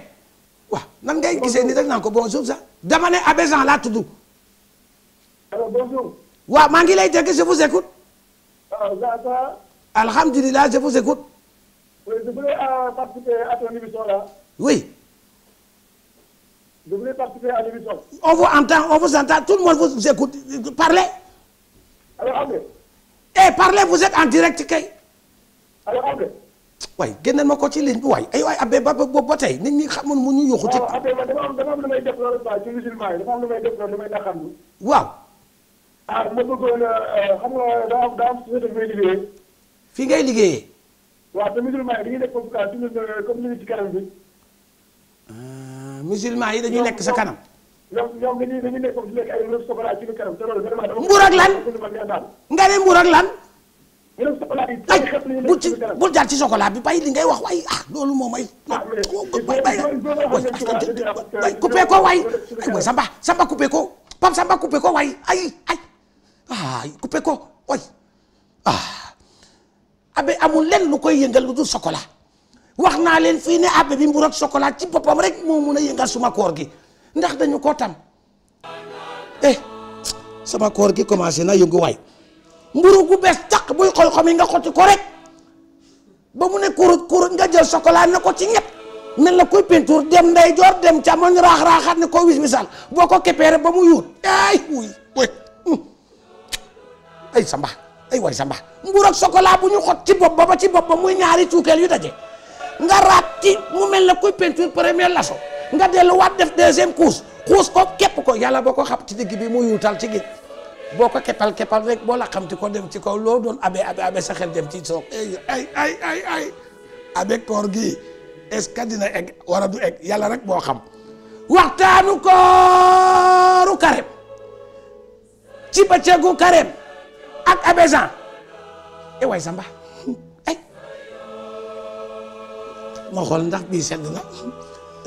waaw nan ngay gisee ni rek naan ko bonjour ça. dama ne abbé Jean laa waaw maa ngi lay dégg je vous écoute. waaw ah, ça ça. alhamdulilah je vous Je voulais participer à l'émission. On vous entend, on vous entend, tout le monde vous écoute. Parlez. Alors, Eh, parlez, vous êtes en direct kay. Alors, André. ma ko ci li bi waay ay waay abbé ba boobu ba tey nit ñi xamoon mu ñu yuxu ci. waaw abbé man dama may def ah, ma bëggoon euh, euh, xam nga daa am fii ngay liggéeyee. waaw te musulman yi dañuy musulman yi dañuy nekk sa kanam. ñoom ñoom dañuy dañuy nekk foofu di lekk ay relève chocolat ci kanam te loolu vraiment dama. mbuur lan nga ne mbuur lan. relève chocolat yi ay bi bay li ngay wax waay ah loolu moom ay. ah bay bay bay coupé ko waay ay waay Samba Samba coupé ko Pape Samba coupé ko waay ay ay ay coupé ko waay ah abe amul lenn lu koy yëngal lu dul chocolat. wax naa leen fii ne abbé bi mbuur ak chocolat ci boppam rek moo mun a yëngal suma koor gi ndax dañu ko tam eh sama koor gi commencé na yëngu waay mburu gu bees taq buy xol xomi nga xoti ko rek ba mu ne kuruj kuruj nga jël chocolat ne ko ci ñett mel na koy peinture dem nday joor dem ca càmmoñ raax raaxaat ne ko wis wisal boo ko kepeere ba mu yuut ay wuy hmm. ay samba ay waay samba mburu ak bu ñu xot ci bopp ba ba ci bopp ba muy ñaari cuukeel yu daje nga raat ci mu mel na kuy peinture première laso nga delluwaat def deuxième couche xuus ko képp ko yàlla boo ko xam ci digg bi mu yuutal ci géej boo ko keppal keppal rek boo la xam ti ko dem ci kaw loo doon abe abe abe sa xel dem ci soog ay ay ay ay abe koor gi est-ce que dina egg wara du egg yàlla rek boo xam waxtaanu kooru kareem ci bëccëgu kareem ak abesan e eh, way samba ma xool ndax bii sedd na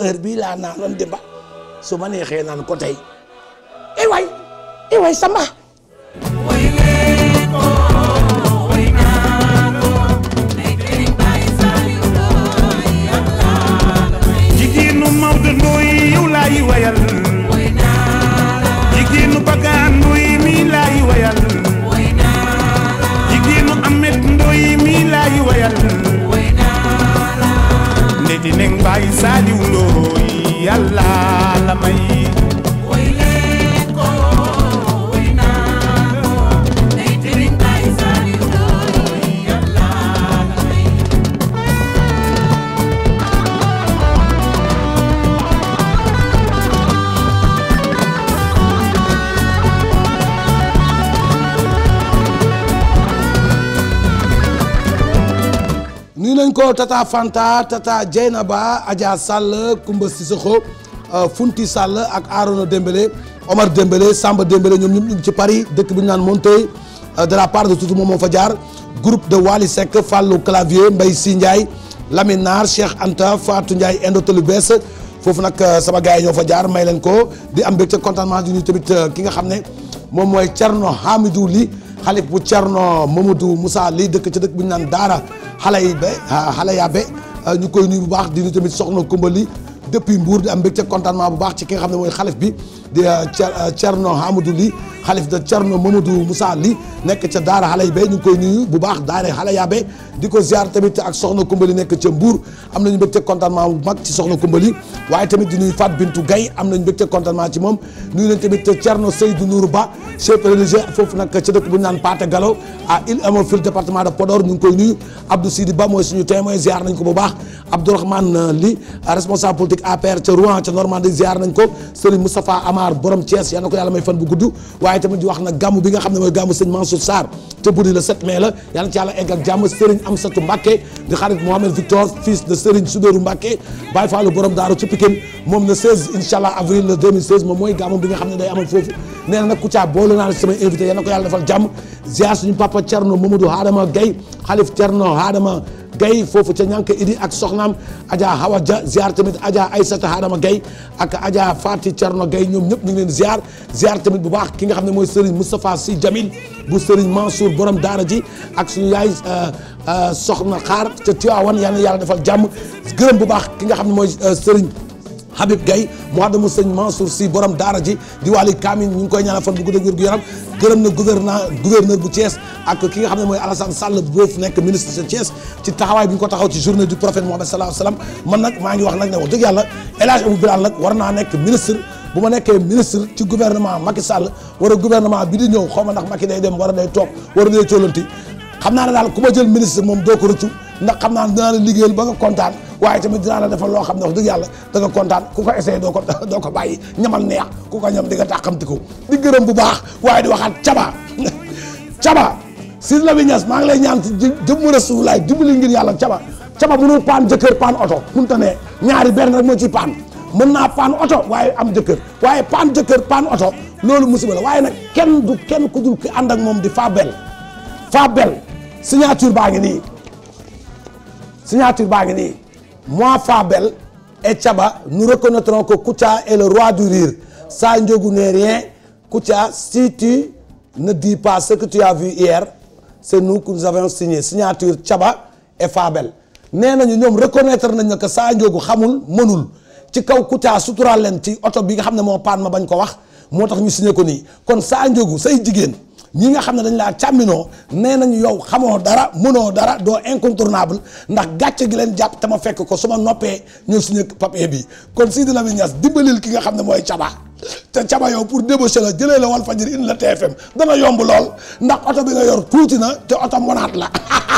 heure bii laa naanoon démba su ma neexee naan ko tey eh waay eh waay Samba. jigéenu Maodo Ndoye yow laay wayal jigéenu Baga. di neng bàyyi saaliw loo yàlla la may nañ ko Tata Fanta Tata Dieynaba Adja Sall Kumba Sissoko euh, Funti Sall ak Arona Dembélé Omar Dembélé Samba Dembélé ñoom ñëpp ñu ngi ci Paris dëkk bi ñu naan moom Monteuil euh, de la part de tout moom moo fa jaar groupe de Wali Seck Fallou Clavier Mbaye si Ndiaye Lamine Nar Cheikh Anta Fatou Ndiaye Indotel lu bees foofu nag euh, sama gars yi ñoo fa jaar may leen ko di am mbégte contentement di nuyu tamit ki nga xam ne moom mooy Thierno Hamidou li xalif bu Cerno Mamadou Moussa liy dëkk ci dëkk bu ñu naan Daara xale yi be xale yaa be ñu koy nuyu bu baax di nuyu tamit soxna Koumba li depuis Mbour di am mbégte contentement bu baax ci ki xam ne mooy xalif bi. di Thierno ah, ah, Hamadou Ly xalif de Thierno Mamadou Moussa Ly nekk ca Daara xale yi bay ñu koy nuyu bu baax Daara xale yaabe ko ziar tamit ak soxna Kumbali nekk ca Mbour am nañu mbégte contentement mu mag ci soxna Kumbali waaye tamit di nuyu Fat Bintou Gaye am nañu mbégte contentement ci moom nuyu nañ tamit Thierno Seydou Nourou Ba chef religieux foofu nag ca dëkk bu ñu naan Paate Galo à ah, Île à Morphil département de Podor ñu ngi koy nuyu Abdou Sidi Ba mooy suñu témoin ziar ko bu baax Abdourahmane Ly responsable politique APR ca Rouen ca Normandie Mar borom Thiès yal na ko yàlla may fan bu gudd wax na gàmmu bi nga ne mooy gàmmu sëñ Mansour Sarr te budi le 7 mai la na ci yàlla egg ak di xarit Mohamed Victor fils de Serigne Soubérou Mbacké Baye Fallou borom daaru ci moom le 16 incha allah avril le 2016 moom mooy gàmmu bi nga ne day amal foofu nee na nag Kouthia boole naa samay invité yal na ko yàlla defal jàmm ziar suñu papa Thierno Mamadou Hadama Gueye xalif Thierno Hadama Gaye foofu ca ñànk idi ak soxnaam Adja Hawa Dia ziar tamit Adja Aysata Hadama Gaye ak Adja Fati Thierno gay ñoom ñëpp ñu ngi leen ziar ziar tamit bu baax ki nga xam ne mooy Serigne Moustapha si Jamil bu Serigne Mansour borom daara ji ak suñu yaay euh, euh, soxna xaar ca Tiwaawan yal na yàlla defal jàmm gërëm bu baax ki nga xam ne mooy euh, seriñ Habib mu Mouhamadou Sëñ Mansour si borom daara ji di wàlli kaamin ñu ngi koy ñaanal fan bu gudd ak wér gu yaram gërëm na gouverneur bu Thiès ak ki nga xam ne mooy Alassane Sall boof nekk ministre de Thiès ci taxawaay bi ñu ko taxaw ci journée du prophète Mohamed sallallahu alayhi wa sallam man nag maa ngi wax nag ne wax dëgg yàlla El Hadj Abou nag war naa nekk ministre bu ma nekkee ministre ci gouvernement Macky Sall wala gouvernement bi di ñëw xaw ma ndax Macky day dem war a toog war a day cóolanti xam naa ne daal ku ma jël ministre moom doo ko rëccu ndax xam naa ne dinaa la liggéeyal ba nga kontaan waaye tamit dinaa la defal loo xam ne wax dëgg yàlla da nga kontaan ku ko essayé doo ko doo ko bàyyi ñamal neex ku ko ñam di nga tàqamti ko di gërëm bu baax waaye di waxaat caba caba si la bi ñas maa ngi lay ñaan ci jëmm Rasulullah dimbali ngir yàlla caba caba mënul paan jëkkër paan oto mënta ne ñaari benn rek moo ciy paan mën naa paan oto waaye am jëkkër waaye paan jëkkër paan oto loolu musiba la waaye nag kenn du kenn ku dul ki ànd ak moom di fabel fabel signature baa ngi nii signature baa ngi nii moi Fabel et caba nous reconnaîtrons que Kouthia est le roi du rire ça Ndiogou n'est rien Kouthia si tu ne dis pas ce que tu as vu hier c'est nous que nous avons signé signature Chaba et Fabel nee nañu ñoom reconnaître nañ na ko saa Ndiogou xamul mënul ci kaw Kouthia suturaal leen ci oto bi nga xam ne moo paan ma bañ ko wax moo tax ñu signé ko nii kon saa Ndiogou say jigéen ñi nga xam ne dañ laa càmminoo nee nañu yow xamoo dara mënoo dara doo incontournable ndax gàcce gi leen jàpp te ma fekk ko su ma noppee ñëw nekk papier bi kon Sidi Lamine Niass dimbalil ki nga xam ne mooy Caba te Caba yow pour débaucher la jëlee la Walf Fadjri indi la TFM dana yomb lool ndax oto bi nga yor tuuti na te oto monaat la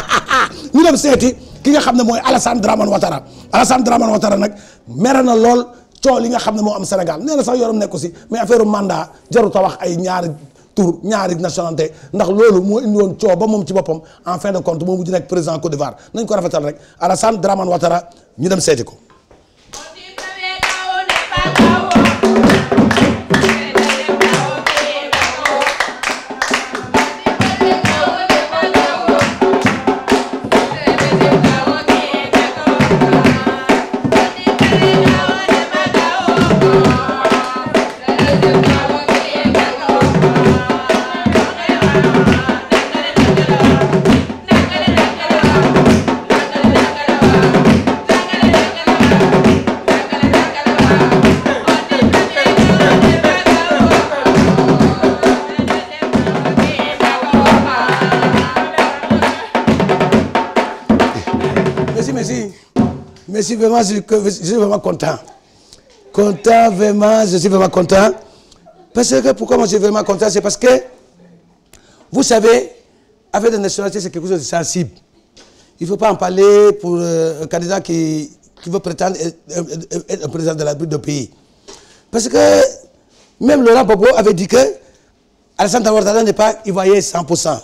ñu dem seeti ki nga xam ne mooy Alassane Dramane Ouattara Alassane Dramane Ouattara nag mere na lool coow li nga xam ne moo am Sénégal nee sax yoram nekku si mais affaire mandat jaru ta wax ay ñaari tur ñaari nationalité ndax loolu moo indi woon coow ba moom ci boppam en fin de compte moo mujj nekk président Côte d'Ivoire nañ ko rafetal rek Alassane Dramane Ouattara ñu dem seeti ko. suis vraiment je suis vraiment content content je suis vraiment content parce que pourquoi moi je vraiment content c'est parce que vous savez avec la nationalité c'est quelque chose de sensible il faut pas en parler pour euh, un candidat qui qui prétendre être, un président de la République de pays parce que même Laurent Gbagbo avait dit que Alassane Ouattara Alassane n'est pas ivoirien 100%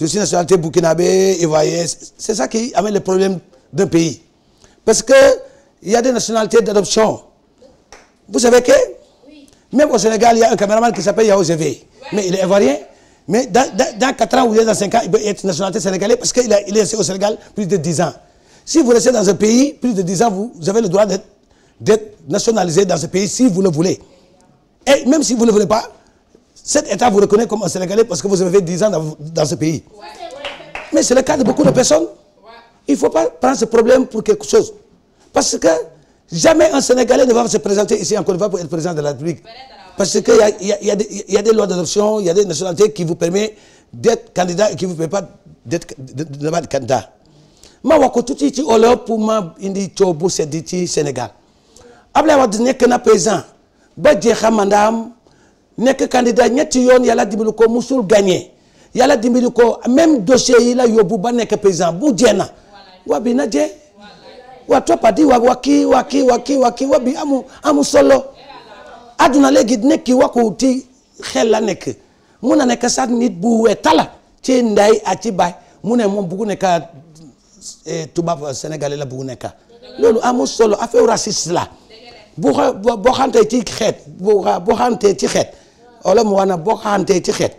je suis nationalité burkinabé ivoirien c'est ça qui amène le problème d'un pays Parce qu'il y a des nationalités d'adoption. Vous savez que oui. même au Sénégal, il y a un caméraman qui s'appelle Yao Zévé. Ouais. Mais il est ivoirien. Mais dans, dans, ans ou dans 5 ans, il peut être nationalité sénégalaise parce qu'il est resté au Sénégal plus de 10 ans. Si vous restez dans d'être nationalisé dans ce pays si vous le voulez. même si vous ne voulez pas, cet État vous reconnaît comme un Sénégalais parce que vous avez 10 ans dans, il faut pas prendre ce problème pour quelque chose parce que jamais un Sénégalais ne va se présenter ici en Côte d'Ivoire pour être de la République parce que il y a, y, a, y, a y a des lois d'adoption il a des nationalités qui vous permet d'être candidat qui vous permet d'être candidat ma wax ko tuuti ci olof pour ma indi coow bu seddi ci Sénégal Abdoulaye Wade nekk na président ba jeexam mandaam nekk candidat ñetti yoon yàlla dimbali ko musul gagné yàlla dimbali ko même dossier yi la ba nekk président bu jeex na bi wa wabinaje watwapadi waki waki waki wa wabi amu amu sɔlɔ aduna le gidi neki wako ti nekk mun a neke sa ni bu ɛtala tse ndayi ati ci muna mu ne bugu neka eh, tuba Senegal la bugu neka lolu amu sɔlɔ afɛ raciste la bɔxante ci xeet bɔxante ci xeet wala mu wana bɔxante ci xeet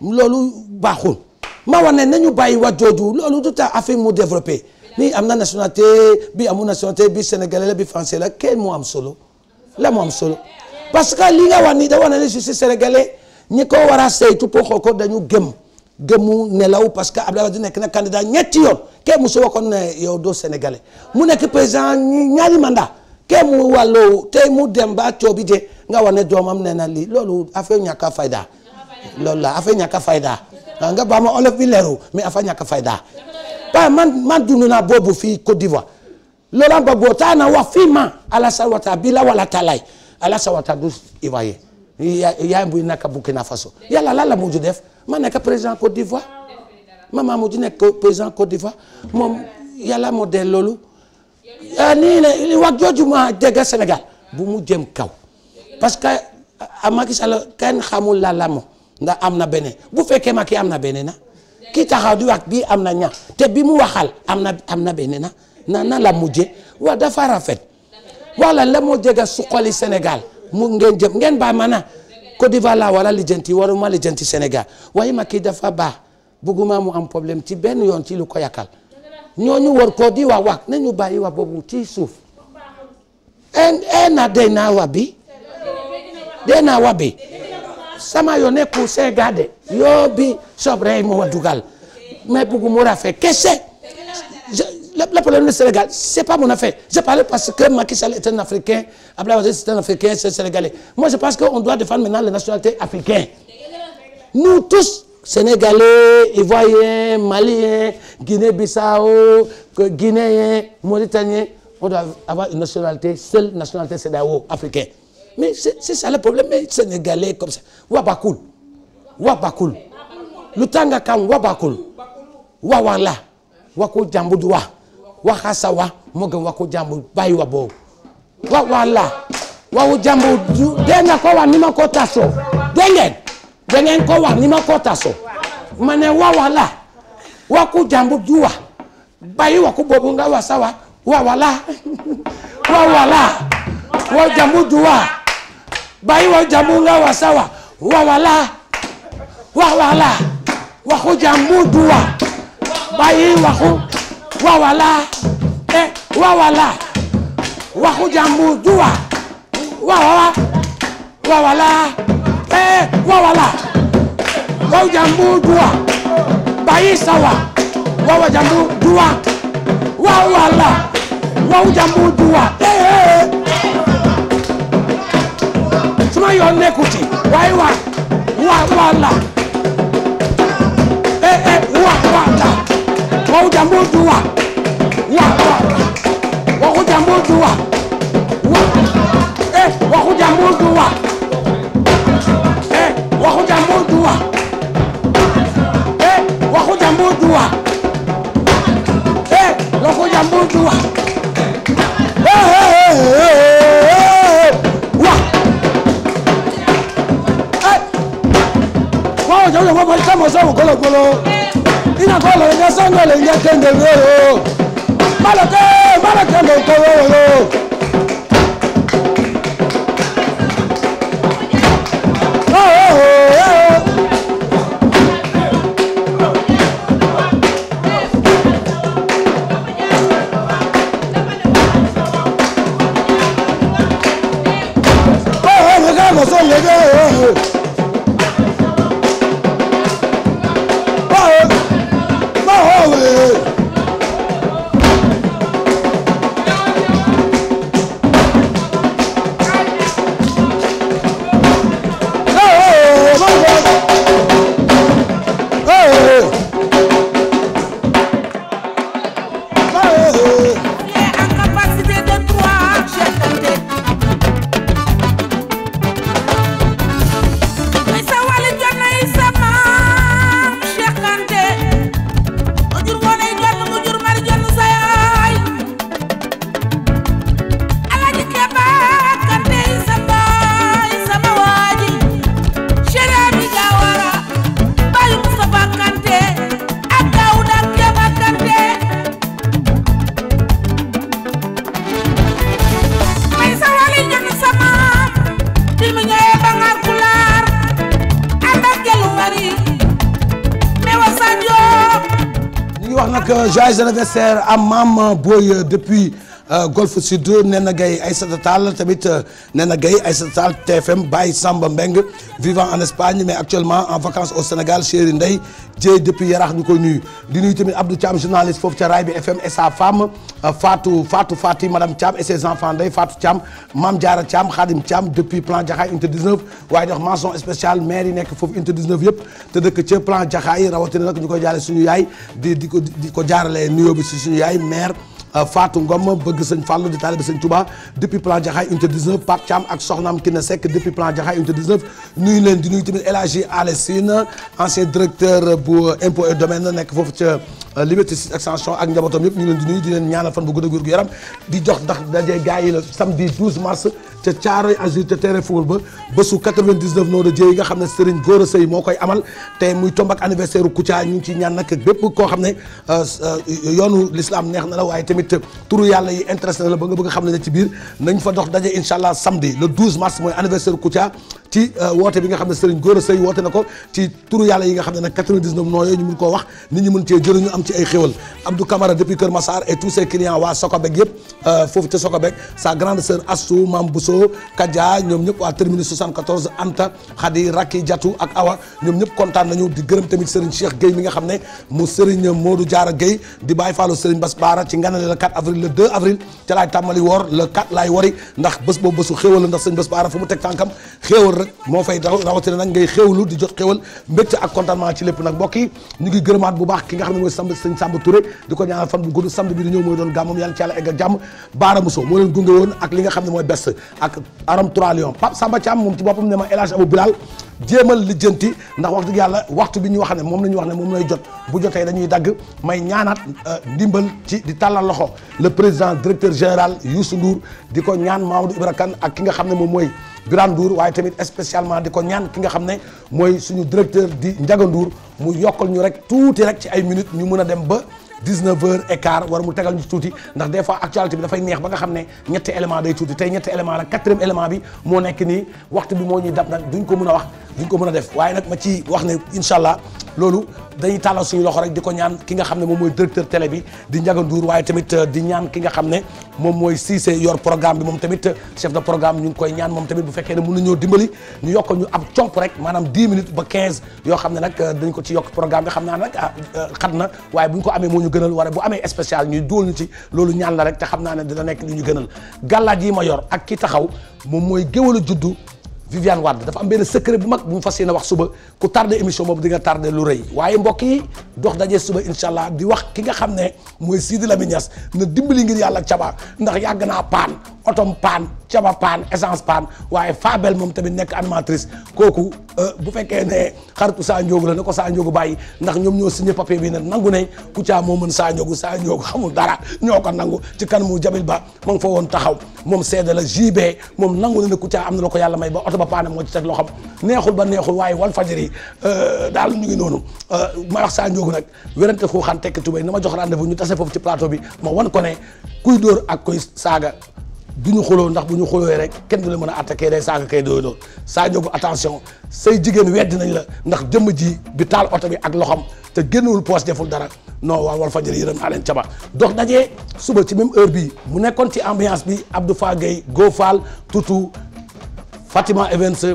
loolu baaxul ma wane nañu bàyyi wa jooju loolu du tax affaire mu développé ni am na nationalité bi amu nationalité bi sénégalais la bi français la kenn mu am solo la moo am solo parce que li nga wax ni da wax ne je suis sénégalais ñi ko war a saytu pour xool ko dañu gëm gëmu nelaw parce que Abdoulaye Wade nekk na candidat ñetti yoon kenn mu su waxoon ne yow do sénégalais mu nekk président ñaari manda kenn mu wàllu tey mu dem ba coobi de nga wax ne doomam ne na lii loolu affaire ñàkk a fayda loolu la affaire ñàkk fayda ah, nga ba ma olof bi leeru mais afa ñàkk a fayda taa man man dund naa boobu fii Côte d'Ivoire Laurent Gbagbo taa na wa fii ma Alassane Ouattara bila wala talaay Alassane Ouattara du Ivoirien yaa ngi nekk Burkina Faso yàlla lan la mujj def ma nekk président Côte d'Ivoire ma ma mujj nekk président Côte d'Ivoire moom yàlla moo dee loolu. nii ne wax jooju ma dégg Sénégal bu mu jëm kaw parce que Macky Sall kenn xamul la la ndax am na beneen bu fekkee Macky am na beneen na. ki taxaw di wax bii am na ñaar te bi mu waxal am na am na benn na na na la mujje wa dafa rafet wala la moo jega suqali senegal mu ngeen jëm ngeen ba mana walla d'Ivoire laa wala lijjanti waruma lijjanti Sénégal waaye ma ki dafa baax bugguma mu am problème ci benn yoon ci lu ko yàkkal ñooñu war ko di wax wax nañu bàyyi wax boobu ci suuf en en na day naa wabi day naa wabi sama yo nekkul Saint Gade yoo bi sobrey moo dugal mais bëgg mu rafet kese le problème du Sénégal c'est pas mon affaire je parle parce que Macky Sall est un Africain Abdoulaye Wade c'est un Africain c'est Sénégalais moi je pense qu'on doit défendre maintenant les nationalités nous tous Sénégalais Ivoiriens Maliens Guinée-Bissau Guinéens Mauritaniens on doit avoir nationalité seule nationalité CEDEAO africaine Mais c'est ça le problème. Mais Sénégalais comme ça. Lu tànga kam wabakul. Wawan la. jàmbu du wa. Waxasa wa moo gën wako jàmbu bàyyi wa boobu. Wawan la. Wawu jàmbu du ko wax ni ma ko wa. Bàyyi boobu nga wasa wa. Wawan la. Wawan la. Wa jàmbu du wa. bàyyi wa jàmbur nga wa sawa wa wala wa wala waxu jàmbur du wa bàyyi waxu wa wala eh wa wala waxu jàmbur du wa wa wala wa wala eh wa wala waxu jàmbur du wa bàyyi sawa wa wa jàmbur du wa wa wala waxu jàmbur du wa eh eh sama yoon nekku ci waaye waa waa waa la eh eh waa waa la waxu jàmbur du waa waa waa la waxu jàmbur du waa waa eh waxu jàmbur du waa eh waxu jàmbur du waa eh waxu jàmbur du waa eh waxu jàmbur du waa eh waxu jàmbur du waa nyɔnu ƒe ƒe tamo sɔmu gologbolo ina kɔ le nye sɔŋgɔ le nye kende wo yo maleke maleke me ko wo am anniversaire à Mame Boye depuis euh, Golf Sud Néna Gaye Aïssata Tall tamit euh, Néna Gaye Aïssata Tall TFM Baye Samba Mbeng vivant en Espagne mais actuellement en vacances au Sénégal chéri Ndeye Dieye depuis Yarax ñu koy nuyu di nuyu tamit Abdou Thiam journaliste foofu ca Rail bi FM et sa faatu euh, faatu Fatou yi madame Thiam et ses enfants Ndeye Fatou Thiam Mame Diarra Thiam Khadim Thiam depuis plan Jaxaay unité 19 waaye di wax mention spéciale maire yi nekk foofu unité 19 yëpp te dëkk ca plan Jaxaay rawatina nag ñu koy jaarale suñu yaay di di ko di ko jaarale nuyoo si suñu yaay maire euh, Fatou Ngom bëgg sëñ Fallou di taalibe sëñ Touba depuis plan Jaxaay unité 19 Pape Thiam ak soxnaam Kine Seck depuis plan Jaxaay unité 19 nuyu leen di nuy tamit El Hadji Alessine ancien directeur bu impôt et domaine nekk foofu ca Euh, liberté 6 extension ak njabootam yëpp ñu leen di nuyu di leen ñaanal fan bu gën a wér gu yaram di jox ndax dajee gars yi la samedi 12 mars ca Caaroy Azur ca terrain football ba bésu 99 noo de jéey yi nga xam ne Serigne Gora Seye moo koy amal tey muy tomb anniversaire u ñu ci ñaan nag bépp koo xam ne euh, euh, yoonu l'islam neex na la waaye tamit turu yàlla yi intéressé na la ba nga bëgg a xam ne ci biir nañ fa dox daje incha allah samedi le 12 mars mooy anniversaire u ci euh, woote bi nga xam ne Serigne Gora woote na ko ci turu yàlla yi nga xam ne nag 99 noo yooyu ñu mun koo Bousso Kadia ñoom ñëpp waa terminus 74 Anta Khady Raki Diatou ak Awa ñoom ñëpp kontaan nañu di gërëm tamit Serigne Cheikh Gueye mi nga xam ne mu Serigne Modou Diarra Gueye di bàyyi faalu Serigne Bass Baara ci nganale le 4 avril le 2 avril ca laay tàmmali woor le 4 laay wari ndax bés boobu bésu xéewal la ndax Serigne Bass Baara fu mu teg tànkam xéewal rek moo fay daw rawatina nag ngay xéewlu di jot xéewal mbégte ak contentement ci lépp nag mbokk yi ñu ngi nga xam ci yàlla egg moo leen ak aram 3 lion Pape Samba Thiam moom ci boppam ne ma El Hadj Abou Bilal jéemal lijjanti ndax wax dëgg yàlla waxtu bi ñu wax ne moom la ñu wax ne moom lay jot bu jotee dañuy dagg may ñaanaat euh, ndimbal ci di tàllal loxo le président directeur général Youssou Ndour di ko ñaan Mamadou Ibra Kane ak ki nga xam ne moom mooy Birane Ndour waaye tamit spécialement di ko ñaan ki nga xam ne mooy suñu directeur di njaga Ndour mu yokkal ñu rek tuuti rek ci ay minutes ñu mën a dem ba 19 heures et quart war mu tegal ñu tuuti ndax des fois actualité bi dafay neex ba nga xam ne ñetti élément day tuuti tey ñetti élément la quatrième élément bi moo nekk nii waxtu bi moo ñuy dab nag duñ ko mën a wax duñ ko mën a def waaye nag ma ci wax ne incha allah loolu dañuy tàllal suñu loxo rek di ko ñaan ki nga xam ne moom mooy directeur télé bi di Ndiaga Ndour waaye tamit euh, di ñaan ki nga xam ne moom mooy Cissé yor programme bi moom tamit euh, chef de programme ñu ngi koy ñaan moom tamit bu fekkee ne mën nañoo dimbali ñu ñu ab comp rek maanaam 10 ba 15 yoo xam ne nag euh, dañ ko ci yokk programme bi xam naa nag ah xat na waaye bu ñu ko amee moo ñu gënal ware bu amee spécial ñuy dóol ñu loolu ñaan la rek te xam naa ne dina nekk li ñu gënal gàllaaj yi ma yor ak ki taxaw moom mooy géwal a juddu Viviane Wade dafa am benn secret bu mag bu mu fas yéene wax suba ku tardé émission boobu di nga tardé lu rëy waaye mbokk yi dox daje suba incha allah di wax ki nga xam ne mooy Sidi Lamine Niass na dimbali ngir yàlla caba ndax yàgg naa paan otom paan caba paan essence paan waaye Fabel moom tamit nekk animatrice kooku euh, bu fekkee ne xaritu Sa Ndiogou la ne ko Sa Ndiogou bàyyi ndax ñoom ñoo signé papier bi ne nangu ne Kouthia moo mën Sa Ndiogou Sa Ndiogou xamul dara ñoo ko nangu ci mu Jabil Ba ma nga fa woon taxaw moom seede la JB moom nangu na ne Kouthia am na la ko yàlla may ba oto ba paane moo ci teg loxoom neexul ba neexul waaye wal fajiri euh, daal ñu ngi noonu euh, ma wax Sa Ndiogou nag werante xuuxaan tekki tubéy na ma jox rendez-vous ñu tase foofu ci plateau bi ma wan ko ne kuy ak koy saaga du ñu xuloo ndax bu ñu xulooyee rek kenn du la mën a attaqué day saaga kay doy doon saa ñëw ko attention say jigéen weddi nañ la ndax jëmm ji bi taal oto bi ak loxam te génnul poos deful dara non waa Walfadjri yërëm naa leen caba dox daje suba ci même heure bi mu nekkoon ci ambiance bi Abdou Fagay Go Fall Toutou Fatima Evans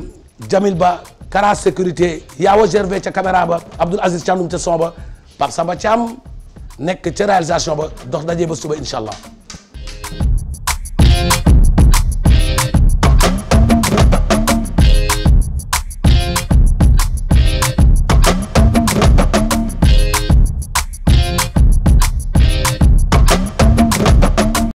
Jamil Ba Kara sécurité Yaawa Gervais ca caméra ba Abdoul Aziz Thiandoum ca son ba Pape Samba Thiam nekk ca réalisation ba dox dajee ba suba incha